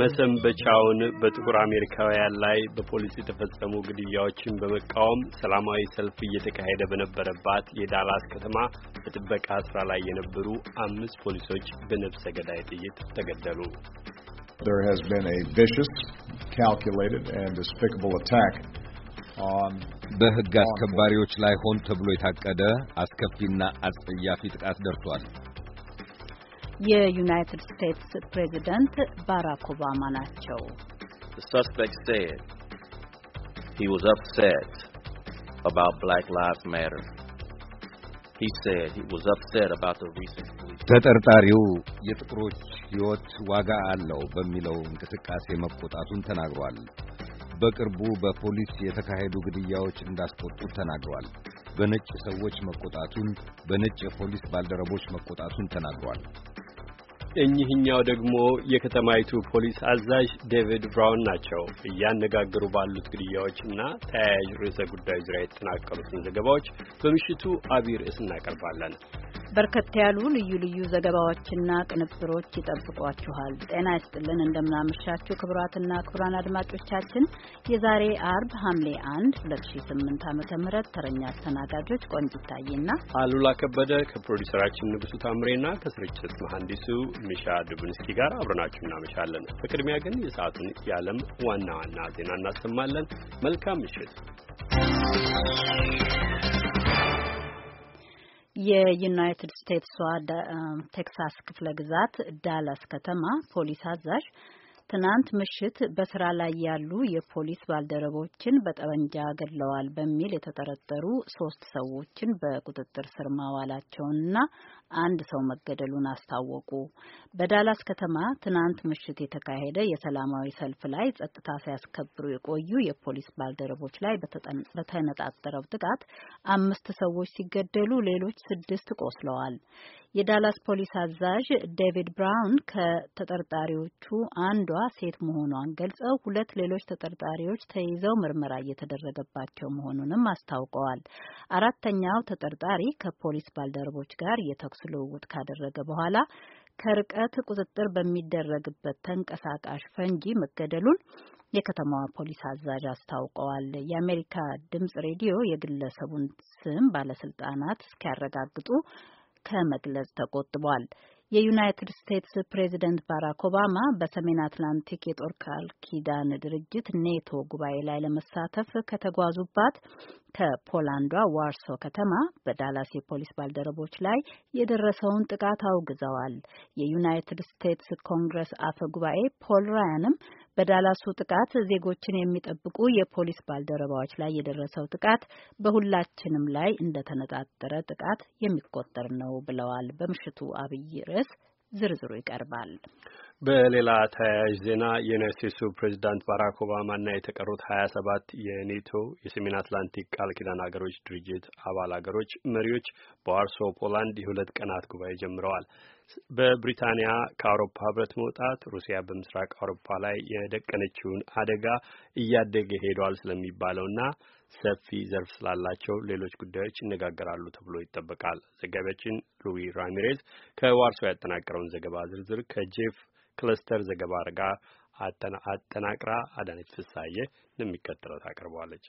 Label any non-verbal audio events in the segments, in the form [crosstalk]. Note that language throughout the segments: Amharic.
መሰንበቻውን በጥቁር አሜሪካውያን ላይ በፖሊስ የተፈጸሙ ግድያዎችን በመቃወም ሰላማዊ ሰልፍ እየተካሄደ በነበረባት የዳላስ ከተማ በጥበቃ ስራ ላይ የነበሩ አምስት ፖሊሶች በነፍሰ ገዳይ ጥይት ተገደሉ። There has been a vicious, calculated and despicable attack በሕግ አስከባሪዎች ላይ ሆን ተብሎ የታቀደ አስከፊና አጸያፊ ጥቃት ደርሷል። የዩናይትድ ስቴትስ ፕሬዚደንት ባራክ ኦባማ ናቸው። ተጠርጣሪው የጥቁሮች ሕይወት ዋጋ አለው በሚለው እንቅስቃሴ መቆጣቱን ተናግሯል። በቅርቡ በፖሊስ የተካሄዱ ግድያዎች እንዳስቆጡት ተናግሯል። በነጭ ሰዎች መቆጣቱን፣ በነጭ የፖሊስ ባልደረቦች መቆጣቱን ተናግሯል። እኚህኛው ደግሞ የከተማይቱ ፖሊስ አዛዥ ዴቪድ ብራውን ናቸው። እያነጋገሩ ባሉት ግድያዎች እና ተያያዥ ርዕሰ ጉዳዮች ዙሪያ የተጠናቀሩትን ዘገባዎች በምሽቱ አብይ ርዕስ እናቀርባለን። በርከት ያሉ ልዩ ልዩ ዘገባዎችና ቅንብሮች ይጠብቋችኋል። ጤና ይስጥልን፣ እንደምናመሻችሁ ክቡራትና ክቡራን አድማጮቻችን የዛሬ አርብ ሐምሌ 1 2008 ዓ.ም ተረኛ አስተናጋጆች ቆንጅታይና አሉላ ከበደ ከፕሮዲሰራችን ንጉሱ ታምሬና ከስርጭት መሐንዲሱ ሚሻ ዱብንስኪ ጋር አብረናችሁ እናመሻለን። በቅድሚያ ግን የሰዓቱን የዓለም ዋና ዋና ዜና እናሰማለን። መልካም ምሽት። የዩናይትድ ስቴትስ ቴክሳስ ክፍለ ግዛት ዳላስ ከተማ ፖሊስ አዛዥ ትናንት ምሽት በስራ ላይ ያሉ የፖሊስ ባልደረቦችን በጠመንጃ ገድለዋል በሚል የተጠረጠሩ ሶስት ሰዎችን በቁጥጥር ስር ማዋላቸውንና አንድ ሰው መገደሉን አስታወቁ። በዳላስ ከተማ ትናንት ምሽት የተካሄደ የሰላማዊ ሰልፍ ላይ ጸጥታ ሲያስከብሩ የቆዩ የፖሊስ ባልደረቦች ላይ በተነጣጠረው ጥቃት አምስት ሰዎች ሲገደሉ ሌሎች ስድስት ቆስለዋል። የዳላስ ፖሊስ አዛዥ ዴቪድ ብራውን ከተጠርጣሪዎቹ አንዷ ሴት መሆኗን ገልጸው ሁለት ሌሎች ተጠርጣሪዎች ተይዘው ምርመራ እየተደረገባቸው መሆኑንም አስታውቀዋል። አራተኛው ተጠርጣሪ ከፖሊስ ባልደረቦች ጋር የተኩስ የተኩስ ልውውጥ ካደረገ በኋላ ከርቀት ቁጥጥር በሚደረግበት ተንቀሳቃሽ ፈንጂ መገደሉን የከተማዋ ፖሊስ አዛዥ አስታውቀዋል። የአሜሪካ ድምጽ ሬዲዮ የግለሰቡን ስም ባለስልጣናት እስኪያረጋግጡ ከመግለጽ ተቆጥቧል። የዩናይትድ ስቴትስ ፕሬዚደንት ባራክ ኦባማ በሰሜን አትላንቲክ የጦር ቃል ኪዳን ድርጅት ኔቶ ጉባኤ ላይ ለመሳተፍ ከተጓዙባት ከፖላንዷ ዋርሶ ከተማ በዳላስ የፖሊስ ባልደረቦች ላይ የደረሰውን ጥቃት አውግዘዋል። የዩናይትድ ስቴትስ ኮንግረስ አፈ ጉባኤ ፖል ራያንም በዳላሱ ጥቃት ዜጎችን የሚጠብቁ የፖሊስ ባልደረባዎች ላይ የደረሰው ጥቃት በሁላችንም ላይ እንደተነጣጠረ ጥቃት የሚቆጠር ነው ብለዋል። በምሽቱ አብይ ርዕስ ዝርዝሩ ይቀርባል። በሌላ ተያያዥ ዜና የዩናይት ስቴትሱ ፕሬዚዳንት ባራክ ኦባማና የተቀሩት ሀያ ሰባት የኔቶ የሰሜን አትላንቲክ ቃል ኪዳን ሀገሮች ድርጅት አባል ሀገሮች መሪዎች በዋርሶ ፖላንድ የሁለት ቀናት ጉባኤ ጀምረዋል። በብሪታንያ ከአውሮፓ ህብረት መውጣት ሩሲያ በምስራቅ አውሮፓ ላይ የደቀነችውን አደጋ እያደገ ሄዷል ስለሚባለውና ሰፊ ዘርፍ ስላላቸው ሌሎች ጉዳዮች ይነጋገራሉ ተብሎ ይጠበቃል። ዘጋቢያችን ሉዊ ራሚሬዝ ከዋርሶ ያጠናቀረውን ዘገባ ዝርዝር ከጄፍ ክለስተር ዘገባ አርጋ አጠናቅራ አዳነች ፍሳዬ እንደሚከተለው ታቀርበዋለች።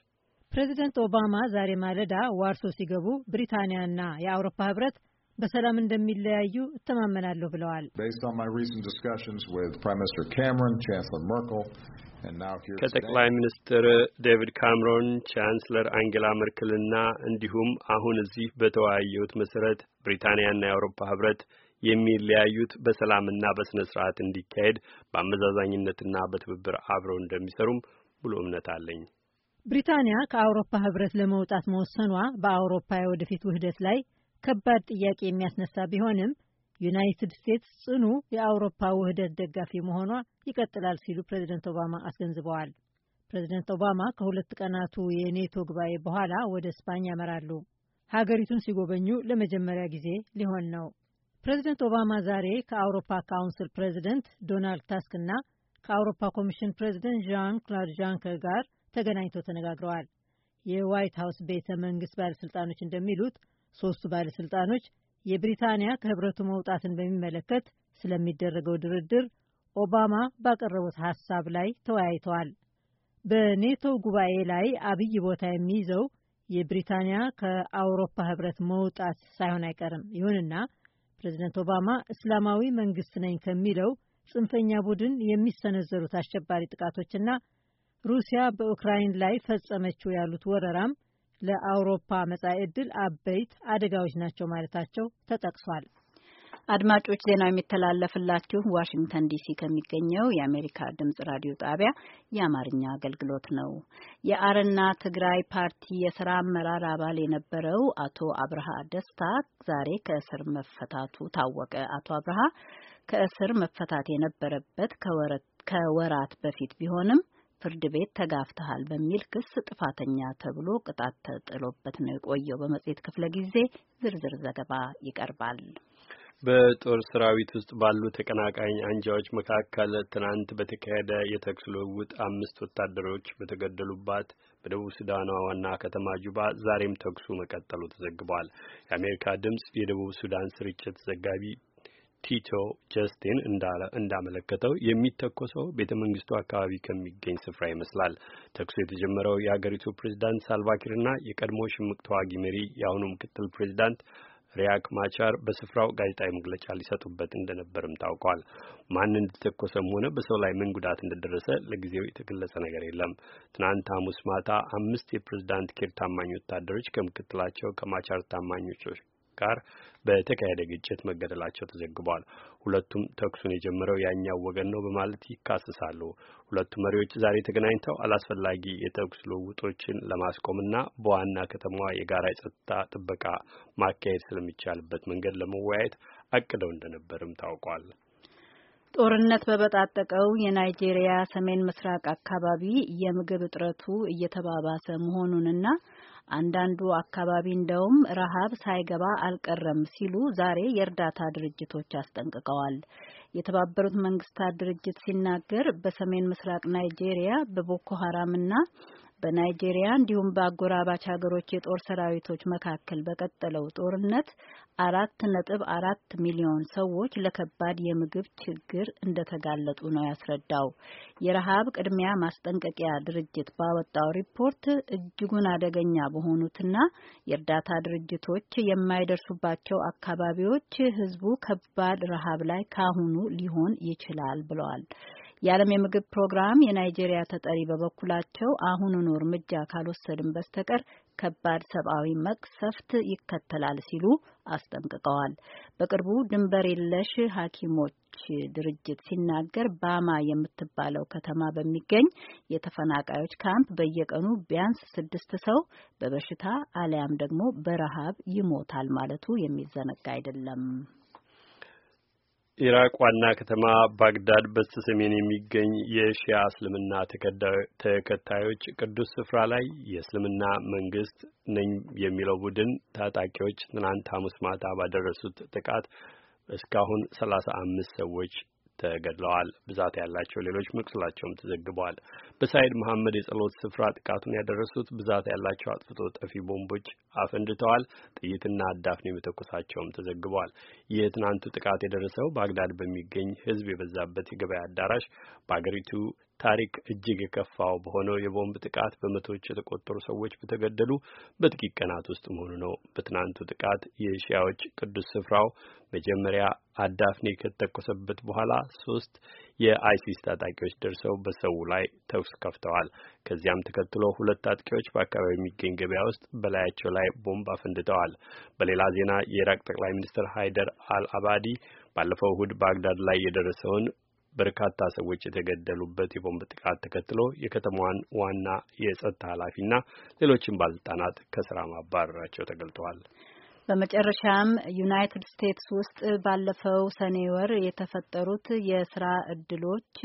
ፕሬዚደንት ኦባማ ዛሬ ማለዳ ዋርሶ ሲገቡ ብሪታንያና የአውሮፓ ህብረት በሰላም እንደሚለያዩ እተማመናለሁ ብለዋል። ከጠቅላይ ሚኒስትር ዴቪድ ካምሮን፣ ቻንስለር አንጌላ መርክልና እንዲሁም አሁን እዚህ በተወያየሁት መሰረት ብሪታንያና የአውሮፓ ህብረት የሚለያዩት በሰላምና በስነ ስርዓት እንዲካሄድ በአመዛዛኝነትና በትብብር አብረው እንደሚሰሩም ሙሉ እምነት አለኝ። ብሪታንያ ከአውሮፓ ህብረት ለመውጣት መወሰኗ በአውሮፓ የወደፊት ውህደት ላይ ከባድ ጥያቄ የሚያስነሳ ቢሆንም ዩናይትድ ስቴትስ ጽኑ የአውሮፓ ውህደት ደጋፊ መሆኗ ይቀጥላል ሲሉ ፕሬዚደንት ኦባማ አስገንዝበዋል። ፕሬዚደንት ኦባማ ከሁለት ቀናቱ የኔቶ ጉባኤ በኋላ ወደ ስፓኝ ያመራሉ። ሀገሪቱን ሲጎበኙ ለመጀመሪያ ጊዜ ሊሆን ነው። ፕሬዚደንት ኦባማ ዛሬ ከአውሮፓ ካውንስል ፕሬዚደንት ዶናልድ ታስክ እና ከአውሮፓ ኮሚሽን ፕሬዚደንት ዣን ክላድ ዣንከር ጋር ተገናኝተው ተነጋግረዋል። የዋይት ሀውስ ቤተ መንግስት ባለስልጣኖች እንደሚሉት ሶስቱ ባለስልጣኖች የብሪታንያ ከህብረቱ መውጣትን በሚመለከት ስለሚደረገው ድርድር ኦባማ ባቀረቡት ሀሳብ ላይ ተወያይተዋል። በኔቶ ጉባኤ ላይ አብይ ቦታ የሚይዘው የብሪታንያ ከአውሮፓ ህብረት መውጣት ሳይሆን አይቀርም። ይሁንና ፕሬዚደንት ኦባማ እስላማዊ መንግስት ነኝ ከሚለው ጽንፈኛ ቡድን የሚሰነዘሩት አሸባሪ ጥቃቶችና ሩሲያ በኡክራይን ላይ ፈጸመችው ያሉት ወረራም ለአውሮፓ መጻኢ ዕድል አበይት አደጋዎች ናቸው ማለታቸው ተጠቅሷል። አድማጮች ዜናው የሚተላለፍላችሁ ዋሽንግተን ዲሲ ከሚገኘው የአሜሪካ ድምጽ ራዲዮ ጣቢያ የአማርኛ አገልግሎት ነው። የአረና ትግራይ ፓርቲ የስራ አመራር አባል የነበረው አቶ አብርሃ ደስታ ዛሬ ከእስር መፈታቱ ታወቀ። አቶ አብርሃ ከእስር መፈታት የነበረበት ከወራት በፊት ቢሆንም ፍርድ ቤት ተጋፍተሃል በሚል ክስ ጥፋተኛ ተብሎ ቅጣት ተጥሎበት ነው የቆየው። በመጽሔት ክፍለ ጊዜ ዝርዝር ዘገባ ይቀርባል። በጦር ሰራዊት ውስጥ ባሉ ተቀናቃኝ አንጃዎች መካከል ትናንት በተካሄደ የተኩስ ልውውጥ አምስት ወታደሮች በተገደሉባት በደቡብ ሱዳኗ ዋና ከተማ ጁባ ዛሬም ተኩሱ መቀጠሉ ተዘግቧል። የአሜሪካ ድምፅ የደቡብ ሱዳን ስርጭት ዘጋቢ ቲቶ ጀስቲን እንዳመለከተው የሚተኮሰው ቤተ መንግስቱ አካባቢ ከሚገኝ ስፍራ ይመስላል። ተኩሱ የተጀመረው የአገሪቱ ፕሬዚዳንት ሳልቫኪርና የቀድሞ ሽምቅ ተዋጊ መሪ የአሁኑ ምክትል ፕሬዚዳንት ሪያክ ማቻር በስፍራው ጋዜጣዊ መግለጫ ሊሰጡበት እንደነበርም ታውቋል። ማን እንደተኮሰም ሆነ በሰው ላይ ምን ጉዳት እንደደረሰ ለጊዜው የተገለጸ ነገር የለም። ትናንት ሐሙስ ማታ አምስት የፕሬዝዳንት ኪር ታማኝ ወታደሮች ከምክትላቸው ከማቻር ታማኞች ጋር በተካሄደ ግጭት መገደላቸው ተዘግቧል። ሁለቱም ተኩሱን የጀመረው ያኛው ወገን ነው በማለት ይካሰሳሉ። ሁለቱ መሪዎች ዛሬ ተገናኝተው አላስፈላጊ የተኩስ ልውውጦችን ለማስቆምና በዋና ከተማዋ የጋራ የጸጥታ ጥበቃ ማካሄድ ስለሚቻልበት መንገድ ለመወያየት አቅደው እንደነበርም ታውቋል። ጦርነት በበጣጠቀው የናይጄሪያ ሰሜን ምስራቅ አካባቢ የምግብ እጥረቱ እየተባባሰ መሆኑንና አንዳንዱ አካባቢ እንደውም ረሃብ ሳይገባ አልቀረም ሲሉ ዛሬ የእርዳታ ድርጅቶች አስጠንቅቀዋል። የተባበሩት መንግስታት ድርጅት ሲናገር በሰሜን ምስራቅ ናይጄሪያ በቦኮ ሀራምና በናይጄሪያ እንዲሁም በአጎራባች ሀገሮች የጦር ሰራዊቶች መካከል በቀጠለው ጦርነት አራት ነጥብ አራት ሚሊዮን ሰዎች ለከባድ የምግብ ችግር እንደተጋለጡ ነው ያስረዳው። የረሃብ ቅድሚያ ማስጠንቀቂያ ድርጅት ባወጣው ሪፖርት እጅጉን አደገኛ በሆኑትና የእርዳታ ድርጅቶች የማይደርሱባቸው አካባቢዎች ህዝቡ ከባድ ረሃብ ላይ ካሁኑ ሊሆን ይችላል ብለዋል። የዓለም የምግብ ፕሮግራም የናይጄሪያ ተጠሪ በበኩላቸው አሁኑኑ እርምጃ ካልወሰድን በስተቀር ከባድ ሰብአዊ መቅሰፍት ይከተላል ሲሉ አስጠንቅቀዋል። በቅርቡ ድንበር የለሽ ሐኪሞች ድርጅት ሲናገር ባማ የምትባለው ከተማ በሚገኝ የተፈናቃዮች ካምፕ በየቀኑ ቢያንስ ስድስት ሰው በበሽታ አሊያም ደግሞ በረሃብ ይሞታል ማለቱ የሚዘነጋ አይደለም። ኢራቅ ዋና ከተማ ባግዳድ በስተ ሰሜን የሚገኝ የሺያ እስልምና ተከታዮች ቅዱስ ስፍራ ላይ የእስልምና መንግስት ነኝ የሚለው ቡድን ታጣቂዎች ትናንት ሐሙስ ማታ ባደረሱት ጥቃት እስካሁን ሰላሳ አምስት ሰዎች ተገድለዋል። ብዛት ያላቸው ሌሎች መቁሰላቸውም ተዘግበዋል። በሳይድ መሐመድ የጸሎት ስፍራ ጥቃቱን ያደረሱት ብዛት ያላቸው አጥፍቶ ጠፊ ቦምቦች አፈንድተዋል። ጥይትና አዳፍኔ መተኮሳቸውም ተዘግበዋል። የትናንቱ ጥቃት የደረሰው ባግዳድ በሚገኝ ሕዝብ የበዛበት የገበያ አዳራሽ በአገሪቱ ታሪክ እጅግ የከፋው በሆነው የቦምብ ጥቃት በመቶዎች የተቆጠሩ ሰዎች በተገደሉ በጥቂት ቀናት ውስጥ መሆኑ ነው። በትናንቱ ጥቃት የሺያዎች ቅዱስ ስፍራው መጀመሪያ አዳፍኔ ከተተኮሰበት በኋላ ሶስት የአይሲስ ታጣቂዎች ደርሰው በሰው ላይ ተኩስ ከፍተዋል። ከዚያም ተከትሎ ሁለት ታጣቂዎች በአካባቢ የሚገኝ ገበያ ውስጥ በላያቸው ላይ ቦምብ አፈንድተዋል። በሌላ ዜና የኢራቅ ጠቅላይ ሚኒስትር ሃይደር አልአባዲ ባለፈው እሁድ ባግዳድ ላይ የደረሰውን በርካታ ሰዎች የተገደሉበት የቦምብ ጥቃት ተከትሎ የከተማዋን ዋና የጸጥታ ኃላፊና ሌሎችም ባለስልጣናት ከስራ ማባረራቸው ተገልጠዋል። በመጨረሻም ዩናይትድ ስቴትስ ውስጥ ባለፈው ሰኔ ወር የተፈጠሩት የስራ እድሎች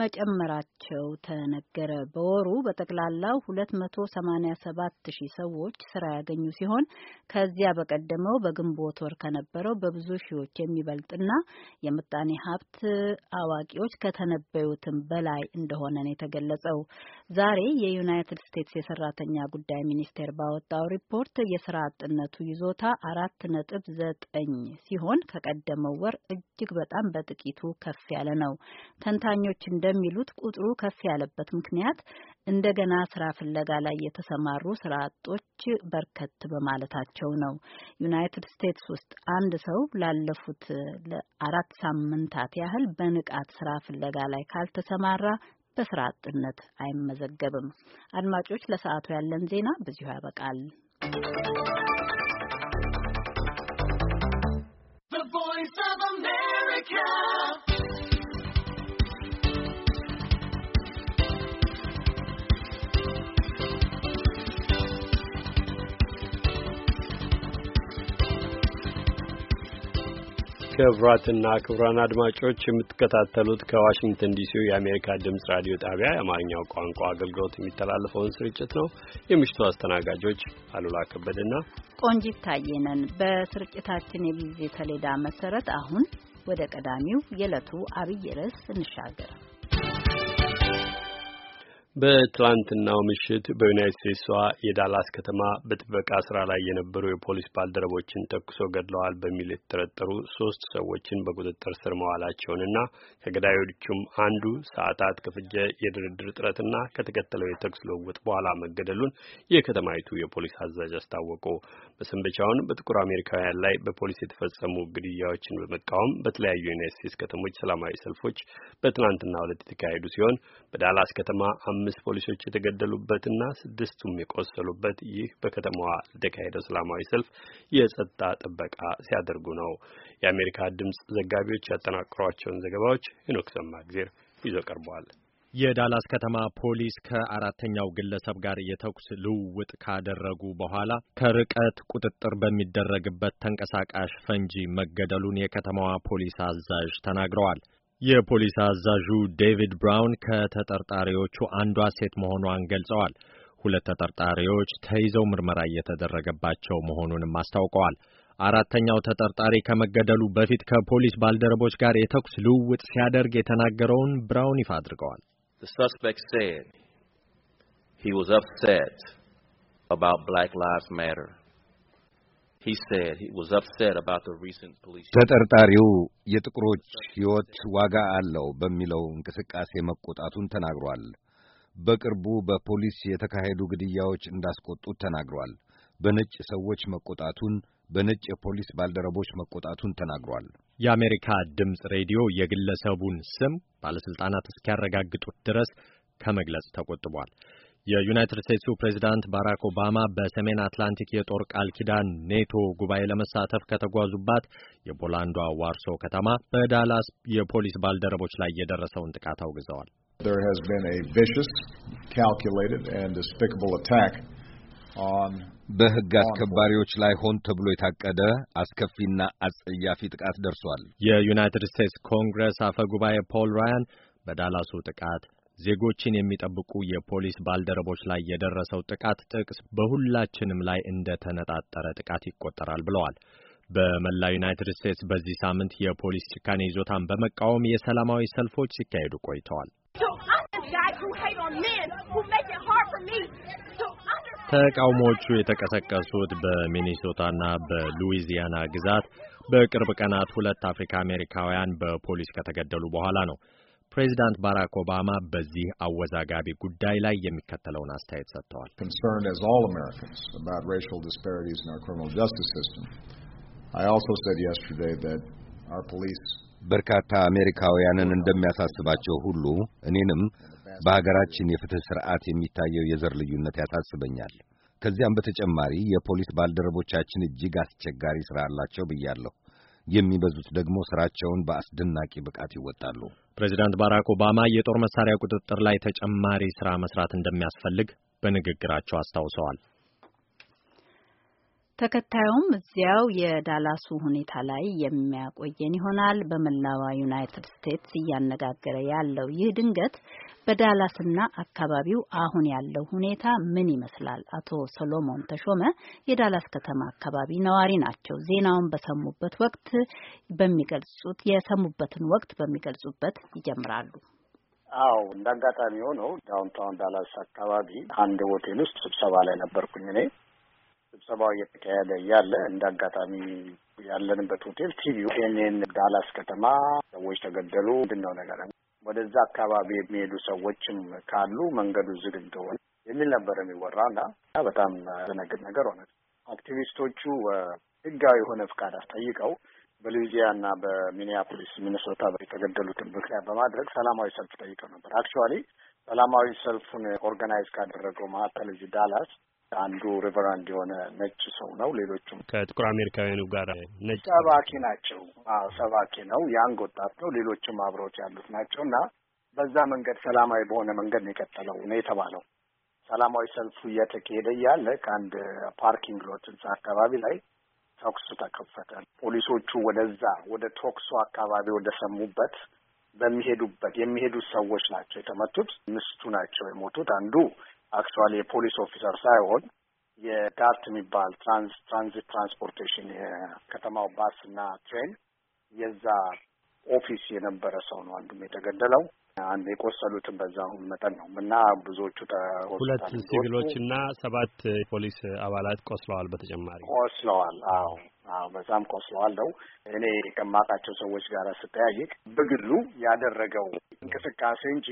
መጨመራቸው ተነገረ። በወሩ በጠቅላላው 287 ሺህ ሰዎች ስራ ያገኙ ሲሆን ከዚያ በቀደመው በግንቦት ወር ከነበረው በብዙ ሺዎች የሚበልጥና የምጣኔ ሀብት አዋቂዎች ከተነበዩትም በላይ እንደሆነ ነው የተገለጸው። ዛሬ የዩናይትድ ስቴትስ የሰራተኛ ጉዳይ ሚኒስቴር ባወጣው ሪፖርት የስራ አጥነቱ ይዞታ አራት ነጥብ ዘጠኝ ሲሆን ከቀደመው ወር እጅግ በጣም በጥቂቱ ከፍ ያለ ነው። ተንታኞች እንደሚሉት ቁጥሩ ከፍ ያለበት ምክንያት እንደገና ስራ ፍለጋ ላይ የተሰማሩ ስራ አጦች በርከት በማለታቸው ነው። ዩናይትድ ስቴትስ ውስጥ አንድ ሰው ላለፉት ለአራት ሳምንታት ያህል በንቃት ስራ ፍለጋ ላይ ካልተሰማራ በስራ አጥነት አይመዘገብም። አድማጮች፣ ለሰዓቱ ያለን ዜና በዚሁ ያበቃል። ክቡራትና ክቡራን አድማጮች የምትከታተሉት ከዋሽንግተን ዲሲ የአሜሪካ ድምፅ ራዲዮ ጣቢያ የአማርኛው ቋንቋ አገልግሎት የሚተላለፈውን ስርጭት ነው። የምሽቱ አስተናጋጆች አሉላ ከበድና ቆንጂት ታየ በስርጭታችን የጊዜ ሰሌዳ መሰረት አሁን ወደ ቀዳሚው የዕለቱ አብይ ርዕስ እንሻገር። በትላንትናው ምሽት በዩናይት ስቴትሷ የዳላስ ከተማ በጥበቃ ስራ ላይ የነበሩ የፖሊስ ባልደረቦችን ተኩሶ ገድለዋል በሚል የተጠረጠሩ ሶስት ሰዎችን በቁጥጥር ስር መዋላቸውንና ከገዳዮቹም አንዱ ሰዓታት ከፍጀ የድርድር ጥረትና ከተከተለው የተኩስ ልውውጥ በኋላ መገደሉን የከተማይቱ የፖሊስ አዛዥ አስታወቁ። መሰንበቻውን በጥቁር አሜሪካውያን ላይ በፖሊስ የተፈጸሙ ግድያዎችን በመቃወም በተለያዩ ዩናይት ስቴትስ ከተሞች ሰላማዊ ሰልፎች በትናንትናው ዕለት የተካሄዱ ሲሆን በዳላስ ከተማ አምስት ፖሊሶች የተገደሉበትና ስድስቱም የቆሰሉበት ይህ በከተማዋ ለተካሄደው ሰላማዊ ሰልፍ የጸጥታ ጥበቃ ሲያደርጉ ነው። የአሜሪካ ድምፅ ዘጋቢዎች ያጠናቅሯቸውን ዘገባዎች ሄኖክ ሰማግዜር ይዞ ቀርበዋል። የዳላስ ከተማ ፖሊስ ከአራተኛው ግለሰብ ጋር የተኩስ ልውውጥ ካደረጉ በኋላ ከርቀት ቁጥጥር በሚደረግበት ተንቀሳቃሽ ፈንጂ መገደሉን የከተማዋ ፖሊስ አዛዥ ተናግረዋል። የፖሊስ አዛዡ ዴቪድ ብራውን ከተጠርጣሪዎቹ አንዷ ሴት መሆኗን ገልጸዋል። ሁለት ተጠርጣሪዎች ተይዘው ምርመራ እየተደረገባቸው መሆኑንም አስታውቀዋል። አራተኛው ተጠርጣሪ ከመገደሉ በፊት ከፖሊስ ባልደረቦች ጋር የተኩስ ልውውጥ ሲያደርግ የተናገረውን ብራውን ይፋ አድርገዋል። ተጠርጣሪው የጥቁሮች ሕይወት ዋጋ አለው በሚለው እንቅስቃሴ መቆጣቱን ተናግሯል። በቅርቡ በፖሊስ የተካሄዱ ግድያዎች እንዳስቆጡት ተናግሯል። በነጭ ሰዎች መቆጣቱን በነጭ የፖሊስ ባልደረቦች መቆጣቱን ተናግሯል። የአሜሪካ ድምፅ ሬዲዮ የግለሰቡን ስም ባለሥልጣናት እስኪያረጋግጡት ድረስ ከመግለጽ ተቆጥቧል። የዩናይትድ ስቴትሱ ፕሬዚዳንት ባራክ ኦባማ በሰሜን አትላንቲክ የጦር ቃል ኪዳን ኔቶ ጉባኤ ለመሳተፍ ከተጓዙባት የፖላንዷ ዋርሶ ከተማ በዳላስ የፖሊስ ባልደረቦች ላይ የደረሰውን ጥቃት አውግዘዋል። በሕግ አስከባሪዎች ላይ ሆን ተብሎ የታቀደ አስከፊና አጸያፊ ጥቃት ደርሷል። የዩናይትድ ስቴትስ ኮንግረስ አፈ ጉባኤ ፖል ራያን በዳላሱ ጥቃት ዜጎችን የሚጠብቁ የፖሊስ ባልደረቦች ላይ የደረሰው ጥቃት ጥቅስ በሁላችንም ላይ እንደተነጣጠረ ጥቃት ይቆጠራል ብለዋል። በመላው ዩናይትድ ስቴትስ በዚህ ሳምንት የፖሊስ ጭካኔ ይዞታን በመቃወም የሰላማዊ ሰልፎች ሲካሄዱ ቆይተዋል። ተቃውሞዎቹ የተቀሰቀሱት በሚኒሶታና በሉዊዚያና ግዛት በቅርብ ቀናት ሁለት አፍሪካ አሜሪካውያን በፖሊስ ከተገደሉ በኋላ ነው። ፕሬዚዳንት ባራክ ኦባማ በዚህ አወዛጋቢ ጉዳይ ላይ የሚከተለውን አስተያየት ሰጥተዋል። በርካታ አሜሪካውያንን እንደሚያሳስባቸው ሁሉ እኔንም በሀገራችን የፍትህ ስርዓት የሚታየው የዘር ልዩነት ያሳስበኛል። ከዚያም በተጨማሪ የፖሊስ ባልደረቦቻችን እጅግ አስቸጋሪ ስራ አላቸው ብያለሁ። የሚበዙት ደግሞ ስራቸውን በአስደናቂ ብቃት ይወጣሉ። ፕሬዚዳንት ባራክ ኦባማ የጦር መሳሪያ ቁጥጥር ላይ ተጨማሪ ስራ መስራት እንደሚያስፈልግ በንግግራቸው አስታውሰዋል። ተከታዩም እዚያው የዳላሱ ሁኔታ ላይ የሚያቆየን ይሆናል። በመላዋ ዩናይትድ ስቴትስ እያነጋገረ ያለው ይህ ድንገት በዳላስና አካባቢው አሁን ያለው ሁኔታ ምን ይመስላል? አቶ ሰሎሞን ተሾመ የዳላስ ከተማ አካባቢ ነዋሪ ናቸው። ዜናውን በሰሙበት ወቅት በሚገልጹት የሰሙበትን ወቅት በሚገልጹበት ይጀምራሉ። አው እንደ አጋጣሚ ሆነው ዳውንታውን ዳላስ አካባቢ አንድ ሆቴል ውስጥ ስብሰባ ላይ ነበርኩኝ እኔ ስብሰባው እየተካሄደ እያለ እንደ አጋጣሚ ያለንበት ሆቴል ቲቪ ኤንኤን ዳላስ ከተማ ሰዎች ተገደሉ ምንድን ነው ነገር ወደዛ አካባቢ የሚሄዱ ሰዎችም ካሉ መንገዱ ዝግ እንደሆነ የሚል ነበር እና በጣም ዘነግድ ነገር ሆነ። አክቲቪስቶቹ ህጋዊ የሆነ ፍቃድ አስጠይቀው በሉዊዚያና በሚኒያፖሊስ ሚኒሶታ የተገደሉትን ምክንያት በማድረግ ሰላማዊ ሰልፍ ጠይቀው ነበር። አክቹዋሊ ሰላማዊ ሰልፉን ኦርጋናይዝ ካደረገው መካከል እዚህ ዳላስ አንዱ ሪቨራንድ የሆነ ነጭ ሰው ነው። ሌሎቹም ከጥቁር አሜሪካውያኑ ጋር ነጭ ሰባኪ ናቸው። ሰባኪ ነው። ያንግ ወጣት ነው። ሌሎችም አብረውት ያሉት ናቸው እና በዛ መንገድ ሰላማዊ በሆነ መንገድ ነው የቀጠለው ነው የተባለው። ሰላማዊ ሰልፉ እየተካሄደ እያለ ከአንድ ፓርኪንግ ሎት ህንጻ አካባቢ ላይ ተኩሱ ተከፈተ። ፖሊሶቹ ወደዛ ወደ ተኩሱ አካባቢ ወደ ሰሙበት በሚሄዱበት የሚሄዱት ሰዎች ናቸው የተመቱት። ምስቱ ናቸው የሞቱት። አንዱ አክቹዋሊ የፖሊስ ኦፊሰር ሳይሆን የዳርት የሚባል ትራንስ ትራንዚት ትራንስፖርቴሽን የከተማው ባስ እና ትሬን የዛ ኦፊስ የነበረ ሰው ነው አንዱም የተገደለው። አንድ የቆሰሉትን በዛ መጠን ነው እና ብዙዎቹ ሁለት ሲቪሎች እና ሰባት ፖሊስ አባላት ቆስለዋል። በተጨማሪ ቆስለዋል። አዎ አዎ፣ በዛም ቆስለዋል ነው። እኔ ከማውቃቸው ሰዎች ጋር ስጠያይቅ በግሉ ያደረገው እንቅስቃሴ እንጂ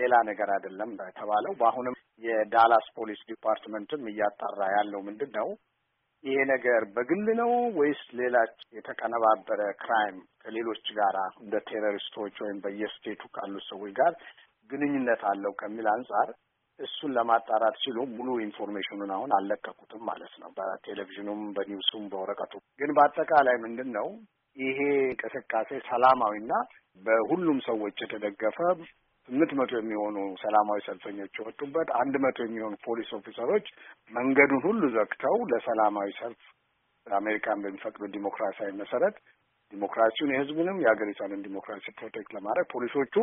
ሌላ ነገር አይደለም ተባለው። በአሁንም የዳላስ ፖሊስ ዲፓርትመንትም እያጣራ ያለው ምንድን ነው ይሄ ነገር በግል ነው ወይስ ሌላ የተቀነባበረ ክራይም ከሌሎች ጋር እንደ ቴሮሪስቶች ወይም በየስቴቱ ካሉ ሰዎች ጋር ግንኙነት አለው ከሚል አንጻር እሱን ለማጣራት ሲሉ ሙሉ ኢንፎርሜሽኑን አሁን አልለቀቁትም ማለት ነው። በቴሌቪዥኑም፣ በኒውሱም፣ በወረቀቱ ግን በአጠቃላይ ምንድን ነው ይሄ እንቅስቃሴ ሰላማዊና በሁሉም ሰዎች የተደገፈ ስምንት መቶ የሚሆኑ ሰላማዊ ሰልፈኞች የወጡበት አንድ መቶ የሚሆኑ ፖሊስ ኦፊሰሮች መንገዱን ሁሉ ዘግተው ለሰላማዊ ሰልፍ አሜሪካን በሚፈቅዱ ዲሞክራሲያዊ መሰረት ዲሞክራሲውን የህዝቡንም የሀገሪቷንን ዲሞክራሲ ፕሮቴክት ለማድረግ ፖሊሶቹ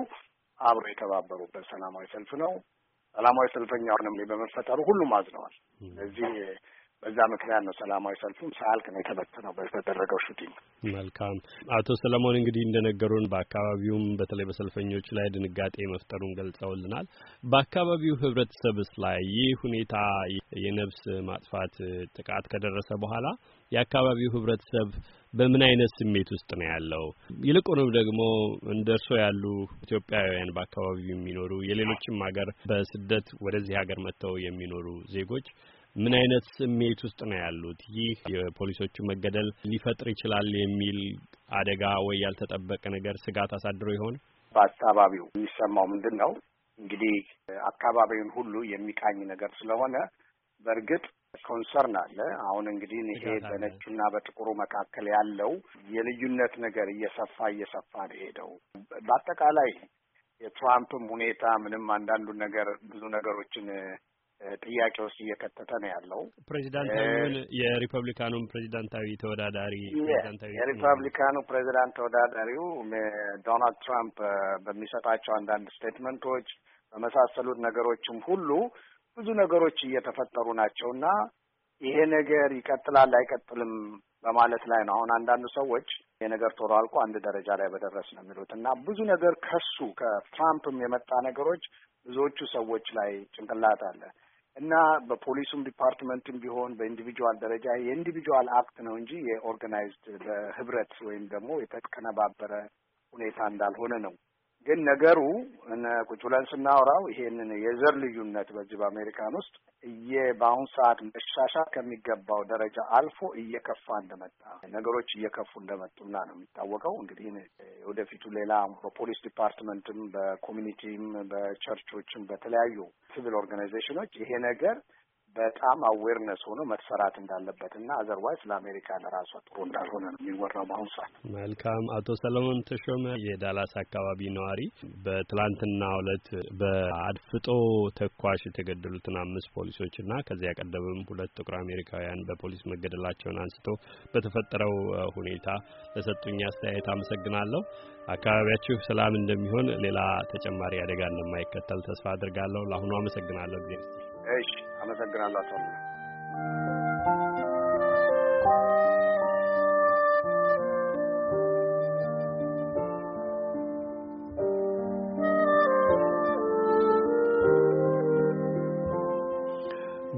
አብረው የተባበሩበት ሰላማዊ ሰልፍ ነው። ሰላማዊ ሰልፈኛውንም በመፈጠሩ ሁሉም አዝነዋል። ስለዚህ በዛ ምክንያት ነው ሰላማዊ ሰልፉም ሳያልቅ ነው የተበተነው በተደረገው ሹቲንግ። መልካም አቶ ሰለሞን እንግዲህ እንደነገሩን በአካባቢውም በተለይ በሰልፈኞች ላይ ድንጋጤ መፍጠሩን ገልጸውልናል። በአካባቢው ህብረተሰብስ ላይ ይህ ሁኔታ የነፍስ ማጥፋት ጥቃት ከደረሰ በኋላ የአካባቢው ህብረተሰብ በምን አይነት ስሜት ውስጥ ነው ያለው? ይልቁንም ደግሞ እንደ እርሶ ያሉ ኢትዮጵያውያን በአካባቢው የሚኖሩ የሌሎችም ሀገር በስደት ወደዚህ ሀገር መጥተው የሚኖሩ ዜጎች ምን አይነት ስሜት ውስጥ ነው ያሉት? ይህ የፖሊሶቹ መገደል ሊፈጥር ይችላል የሚል አደጋ ወይ ያልተጠበቀ ነገር ስጋት አሳድሮ ይሆን? በአካባቢው የሚሰማው ምንድን ነው እንግዲህ አካባቢውን ሁሉ የሚቃኝ ነገር ስለሆነ በእርግጥ ኮንሰርን አለ። አሁን እንግዲህ ይሄ በነጩና በጥቁሩ መካከል ያለው የልዩነት ነገር እየሰፋ እየሰፋ ነው ሄደው በአጠቃላይ የትራምፕም ሁኔታ ምንም አንዳንዱ ነገር ብዙ ነገሮችን ጥያቄ ውስጥ እየከተተ ነው ያለው። ፕሬዚዳንታዊውን የሪፐብሊካኑን ፕሬዚዳንታዊ ተወዳዳሪ የሪፐብሊካኑ ፕሬዚዳንት ተወዳዳሪው ዶናልድ ትራምፕ በሚሰጣቸው አንዳንድ ስቴትመንቶች በመሳሰሉት ነገሮችም ሁሉ ብዙ ነገሮች እየተፈጠሩ ናቸው እና ይሄ ነገር ይቀጥላል አይቀጥልም በማለት ላይ ነው። አሁን አንዳንዱ ሰዎች የነገር ቶሎ አልቆ አንድ ደረጃ ላይ በደረስ ነው የሚሉት እና ብዙ ነገር ከሱ ከትራምፕም የመጣ ነገሮች ብዙዎቹ ሰዎች ላይ ጭንቅላት አለ እና በፖሊሱም ዲፓርትመንትም ቢሆን በኢንዲቪጁዋል ደረጃ የኢንዲቪጁዋል አክት ነው እንጂ የኦርጋናይዝድ በህብረት ወይም ደግሞ የተቀነባበረ ሁኔታ እንዳልሆነ ነው ግን ነገሩ ቁጭ ብለን ስናወራው ይሄንን የዘር ልዩነት በዚህ በአሜሪካን ውስጥ እየ በአሁኑ ሰዓት መሻሻል ከሚገባው ደረጃ አልፎ እየከፋ እንደመጣ ነገሮች እየከፉ እንደመጡና ነው የሚታወቀው። እንግዲህ ወደፊቱ ሌላ በፖሊስ ዲፓርትመንትም፣ በኮሚኒቲም፣ በቸርቾችም፣ በተለያዩ ሲቪል ኦርጋናይዜሽኖች ይሄ ነገር በጣም አዌርነስ ሆኖ መሰራት እንዳለበት እና አዘርዋይስ ለአሜሪካ ለራሷ ጥሩ እንዳልሆነ ነው የሚወራው በአሁኑ ሰዓት። መልካም። አቶ ሰለሞን ተሾመ የዳላስ አካባቢ ነዋሪ፣ በትላንትና ዕለት በአድፍጦ ተኳሽ የተገደሉትን አምስት ፖሊሶችና ከዚያ ቀደምም ሁለት ጥቁር አሜሪካውያን በፖሊስ መገደላቸውን አንስቶ በተፈጠረው ሁኔታ ለሰጡኝ አስተያየት አመሰግናለሁ። አካባቢያችሁ ሰላም እንደሚሆን ሌላ ተጨማሪ አደጋ እንደማይከተል ተስፋ አድርጋለሁ። ለአሁኑ አመሰግናለሁ ጊዜ እሺ፣ አመሰግናለሁ አቶ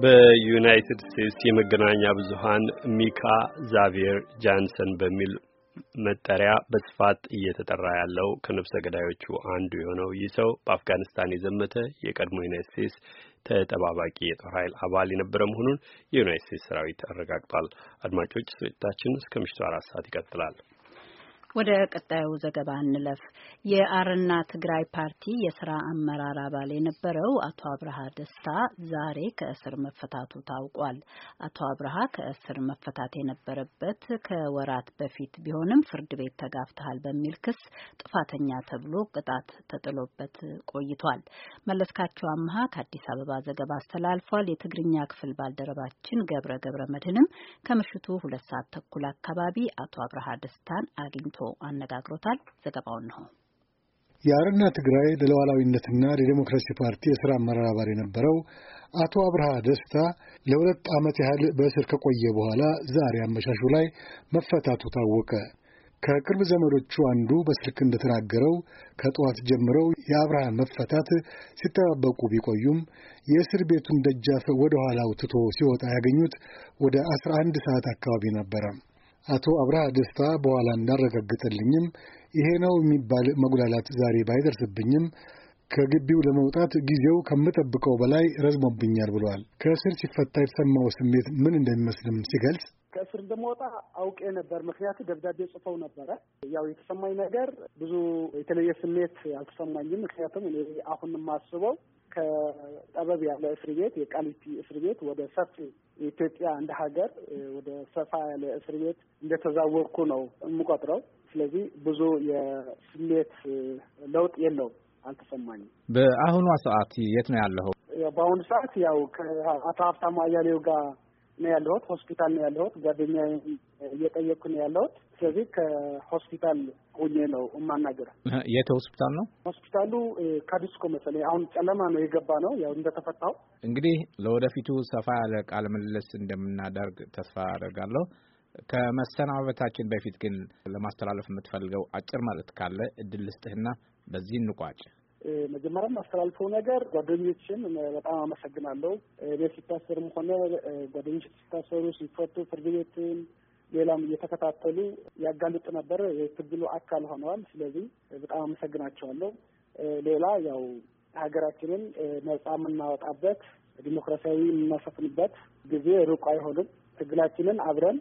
በዩናይትድ ስቴትስ የመገናኛ ብዙሃን ሚካ ዛቪየር ጃንሰን በሚል መጠሪያ በስፋት እየተጠራ ያለው ከነፍሰ ገዳዮቹ አንዱ የሆነው ይህ ሰው በአፍጋኒስታን የዘመተ የቀድሞ ዩናይትድ ስቴትስ ተጠባባቂ የጦር ኃይል አባል የነበረ መሆኑን የዩናይት ስቴትስ ሰራዊት አረጋግጧል። አድማጮች ስርጭታችን እስከ ምሽቱ አራት ሰዓት ይቀጥላል። ወደ ቀጣዩ ዘገባ እንለፍ። የአርና ትግራይ ፓርቲ የስራ አመራር አባል የነበረው አቶ አብርሃ ደስታ ዛሬ ከእስር መፈታቱ ታውቋል። አቶ አብርሃ ከእስር መፈታት የነበረበት ከወራት በፊት ቢሆንም ፍርድ ቤት ተጋፍተሃል በሚል ክስ ጥፋተኛ ተብሎ ቅጣት ተጥሎበት ቆይቷል። መለስካቸው አምሃ ከአዲስ አበባ ዘገባ አስተላልፏል። የትግርኛ ክፍል ባልደረባችን ገብረ ገብረ መድህንም ከምሽቱ ሁለት ሰዓት ተኩል አካባቢ አቶ አብርሃ ደስታን አግኝቷል። አግኝቶ አነጋግሮታል። ዘገባውን ነው። የአረና ትግራይ ለሉዓላዊነትና ለዲሞክራሲ ፓርቲ የሥራ አመራር አባል የነበረው አቶ አብርሃ ደስታ ለሁለት ዓመት ያህል በእስር ከቆየ በኋላ ዛሬ አመሻሹ ላይ መፈታቱ ታወቀ። ከቅርብ ዘመዶቹ አንዱ በስልክ እንደተናገረው ከጠዋት ጀምረው የአብርሃን መፈታት ሲጠባበቁ ቢቆዩም የእስር ቤቱን ደጃፍ ወደ ኋላው ትቶ ሲወጣ ያገኙት ወደ አስራ አንድ ሰዓት አካባቢ ነበረም። አቶ አብርሃ ደስታ በኋላ እንዳረጋገጠልኝም ይሄ ነው የሚባል መጉላላት ዛሬ ባይደርስብኝም ከግቢው ለመውጣት ጊዜው ከምጠብቀው በላይ ረዝሞብኛል ብለዋል። ከእስር ሲፈታ የተሰማው ስሜት ምን እንደሚመስልም ሲገልጽ ከእስር እንደመወጣ አውቄ ነበር። ምክንያቱ ደብዳቤ ጽፈው ነበረ። ያው የተሰማኝ ነገር ብዙ የተለየ ስሜት አልተሰማኝም። ምክንያቱም እኔ አሁን የማስበው ከጠበብ ያለ እስር ቤት የቃሊቲ እስር ቤት ወደ ሰፊ የኢትዮጵያ እንደ ሀገር ወደ ሰፋ ያለ እስር ቤት እንደተዛወርኩ ነው የምቆጥረው። ስለዚህ ብዙ የስሜት ለውጥ የለውም፣ አልተሰማኝም። በአሁኗ ሰዓት የት ነው ያለኸው? በአሁኑ ሰዓት ያው ከአቶ ሀብታሙ አያሌው ጋር ነው ያለሁት። ሆስፒታል ነው ያለሁት። ጓደኛ እየጠየቅኩ ነው ያለሁት። ስለዚህ ከሆስፒታል ሆኜ ነው የማናገር። የት ሆስፒታል ነው? ሆስፒታሉ ካዲስኮ መሰለኝ። አሁን ጨለማ ነው የገባ ነው ያው እንደተፈታው። እንግዲህ ለወደፊቱ ሰፋ ያለ ቃለ ምልልስ እንደምናደርግ ተስፋ አደርጋለሁ። ከመሰናበታችን በፊት ግን ለማስተላለፍ የምትፈልገው አጭር መልዕክት ካለ እድል ልስጥህና በዚህ እንቋጭ። መጀመሪያም አስተላልፈው ነገር ጓደኞችን በጣም አመሰግናለሁ። ቤት ሲታሰርም ሆነ ጓደኞች ሲታሰሩ ሲፈቱ፣ ፍርድ ቤትን ሌላም እየተከታተሉ ያጋልጡ ነበር። የትግሉ አካል ሆነዋል። ስለዚህ በጣም አመሰግናቸዋለሁ። ሌላ ያው ሀገራችንን ነጻ የምናወጣበት ዲሞክራሲያዊ የምናሰፍንበት ጊዜ ሩቅ አይሆንም። ትግላችንን አብረን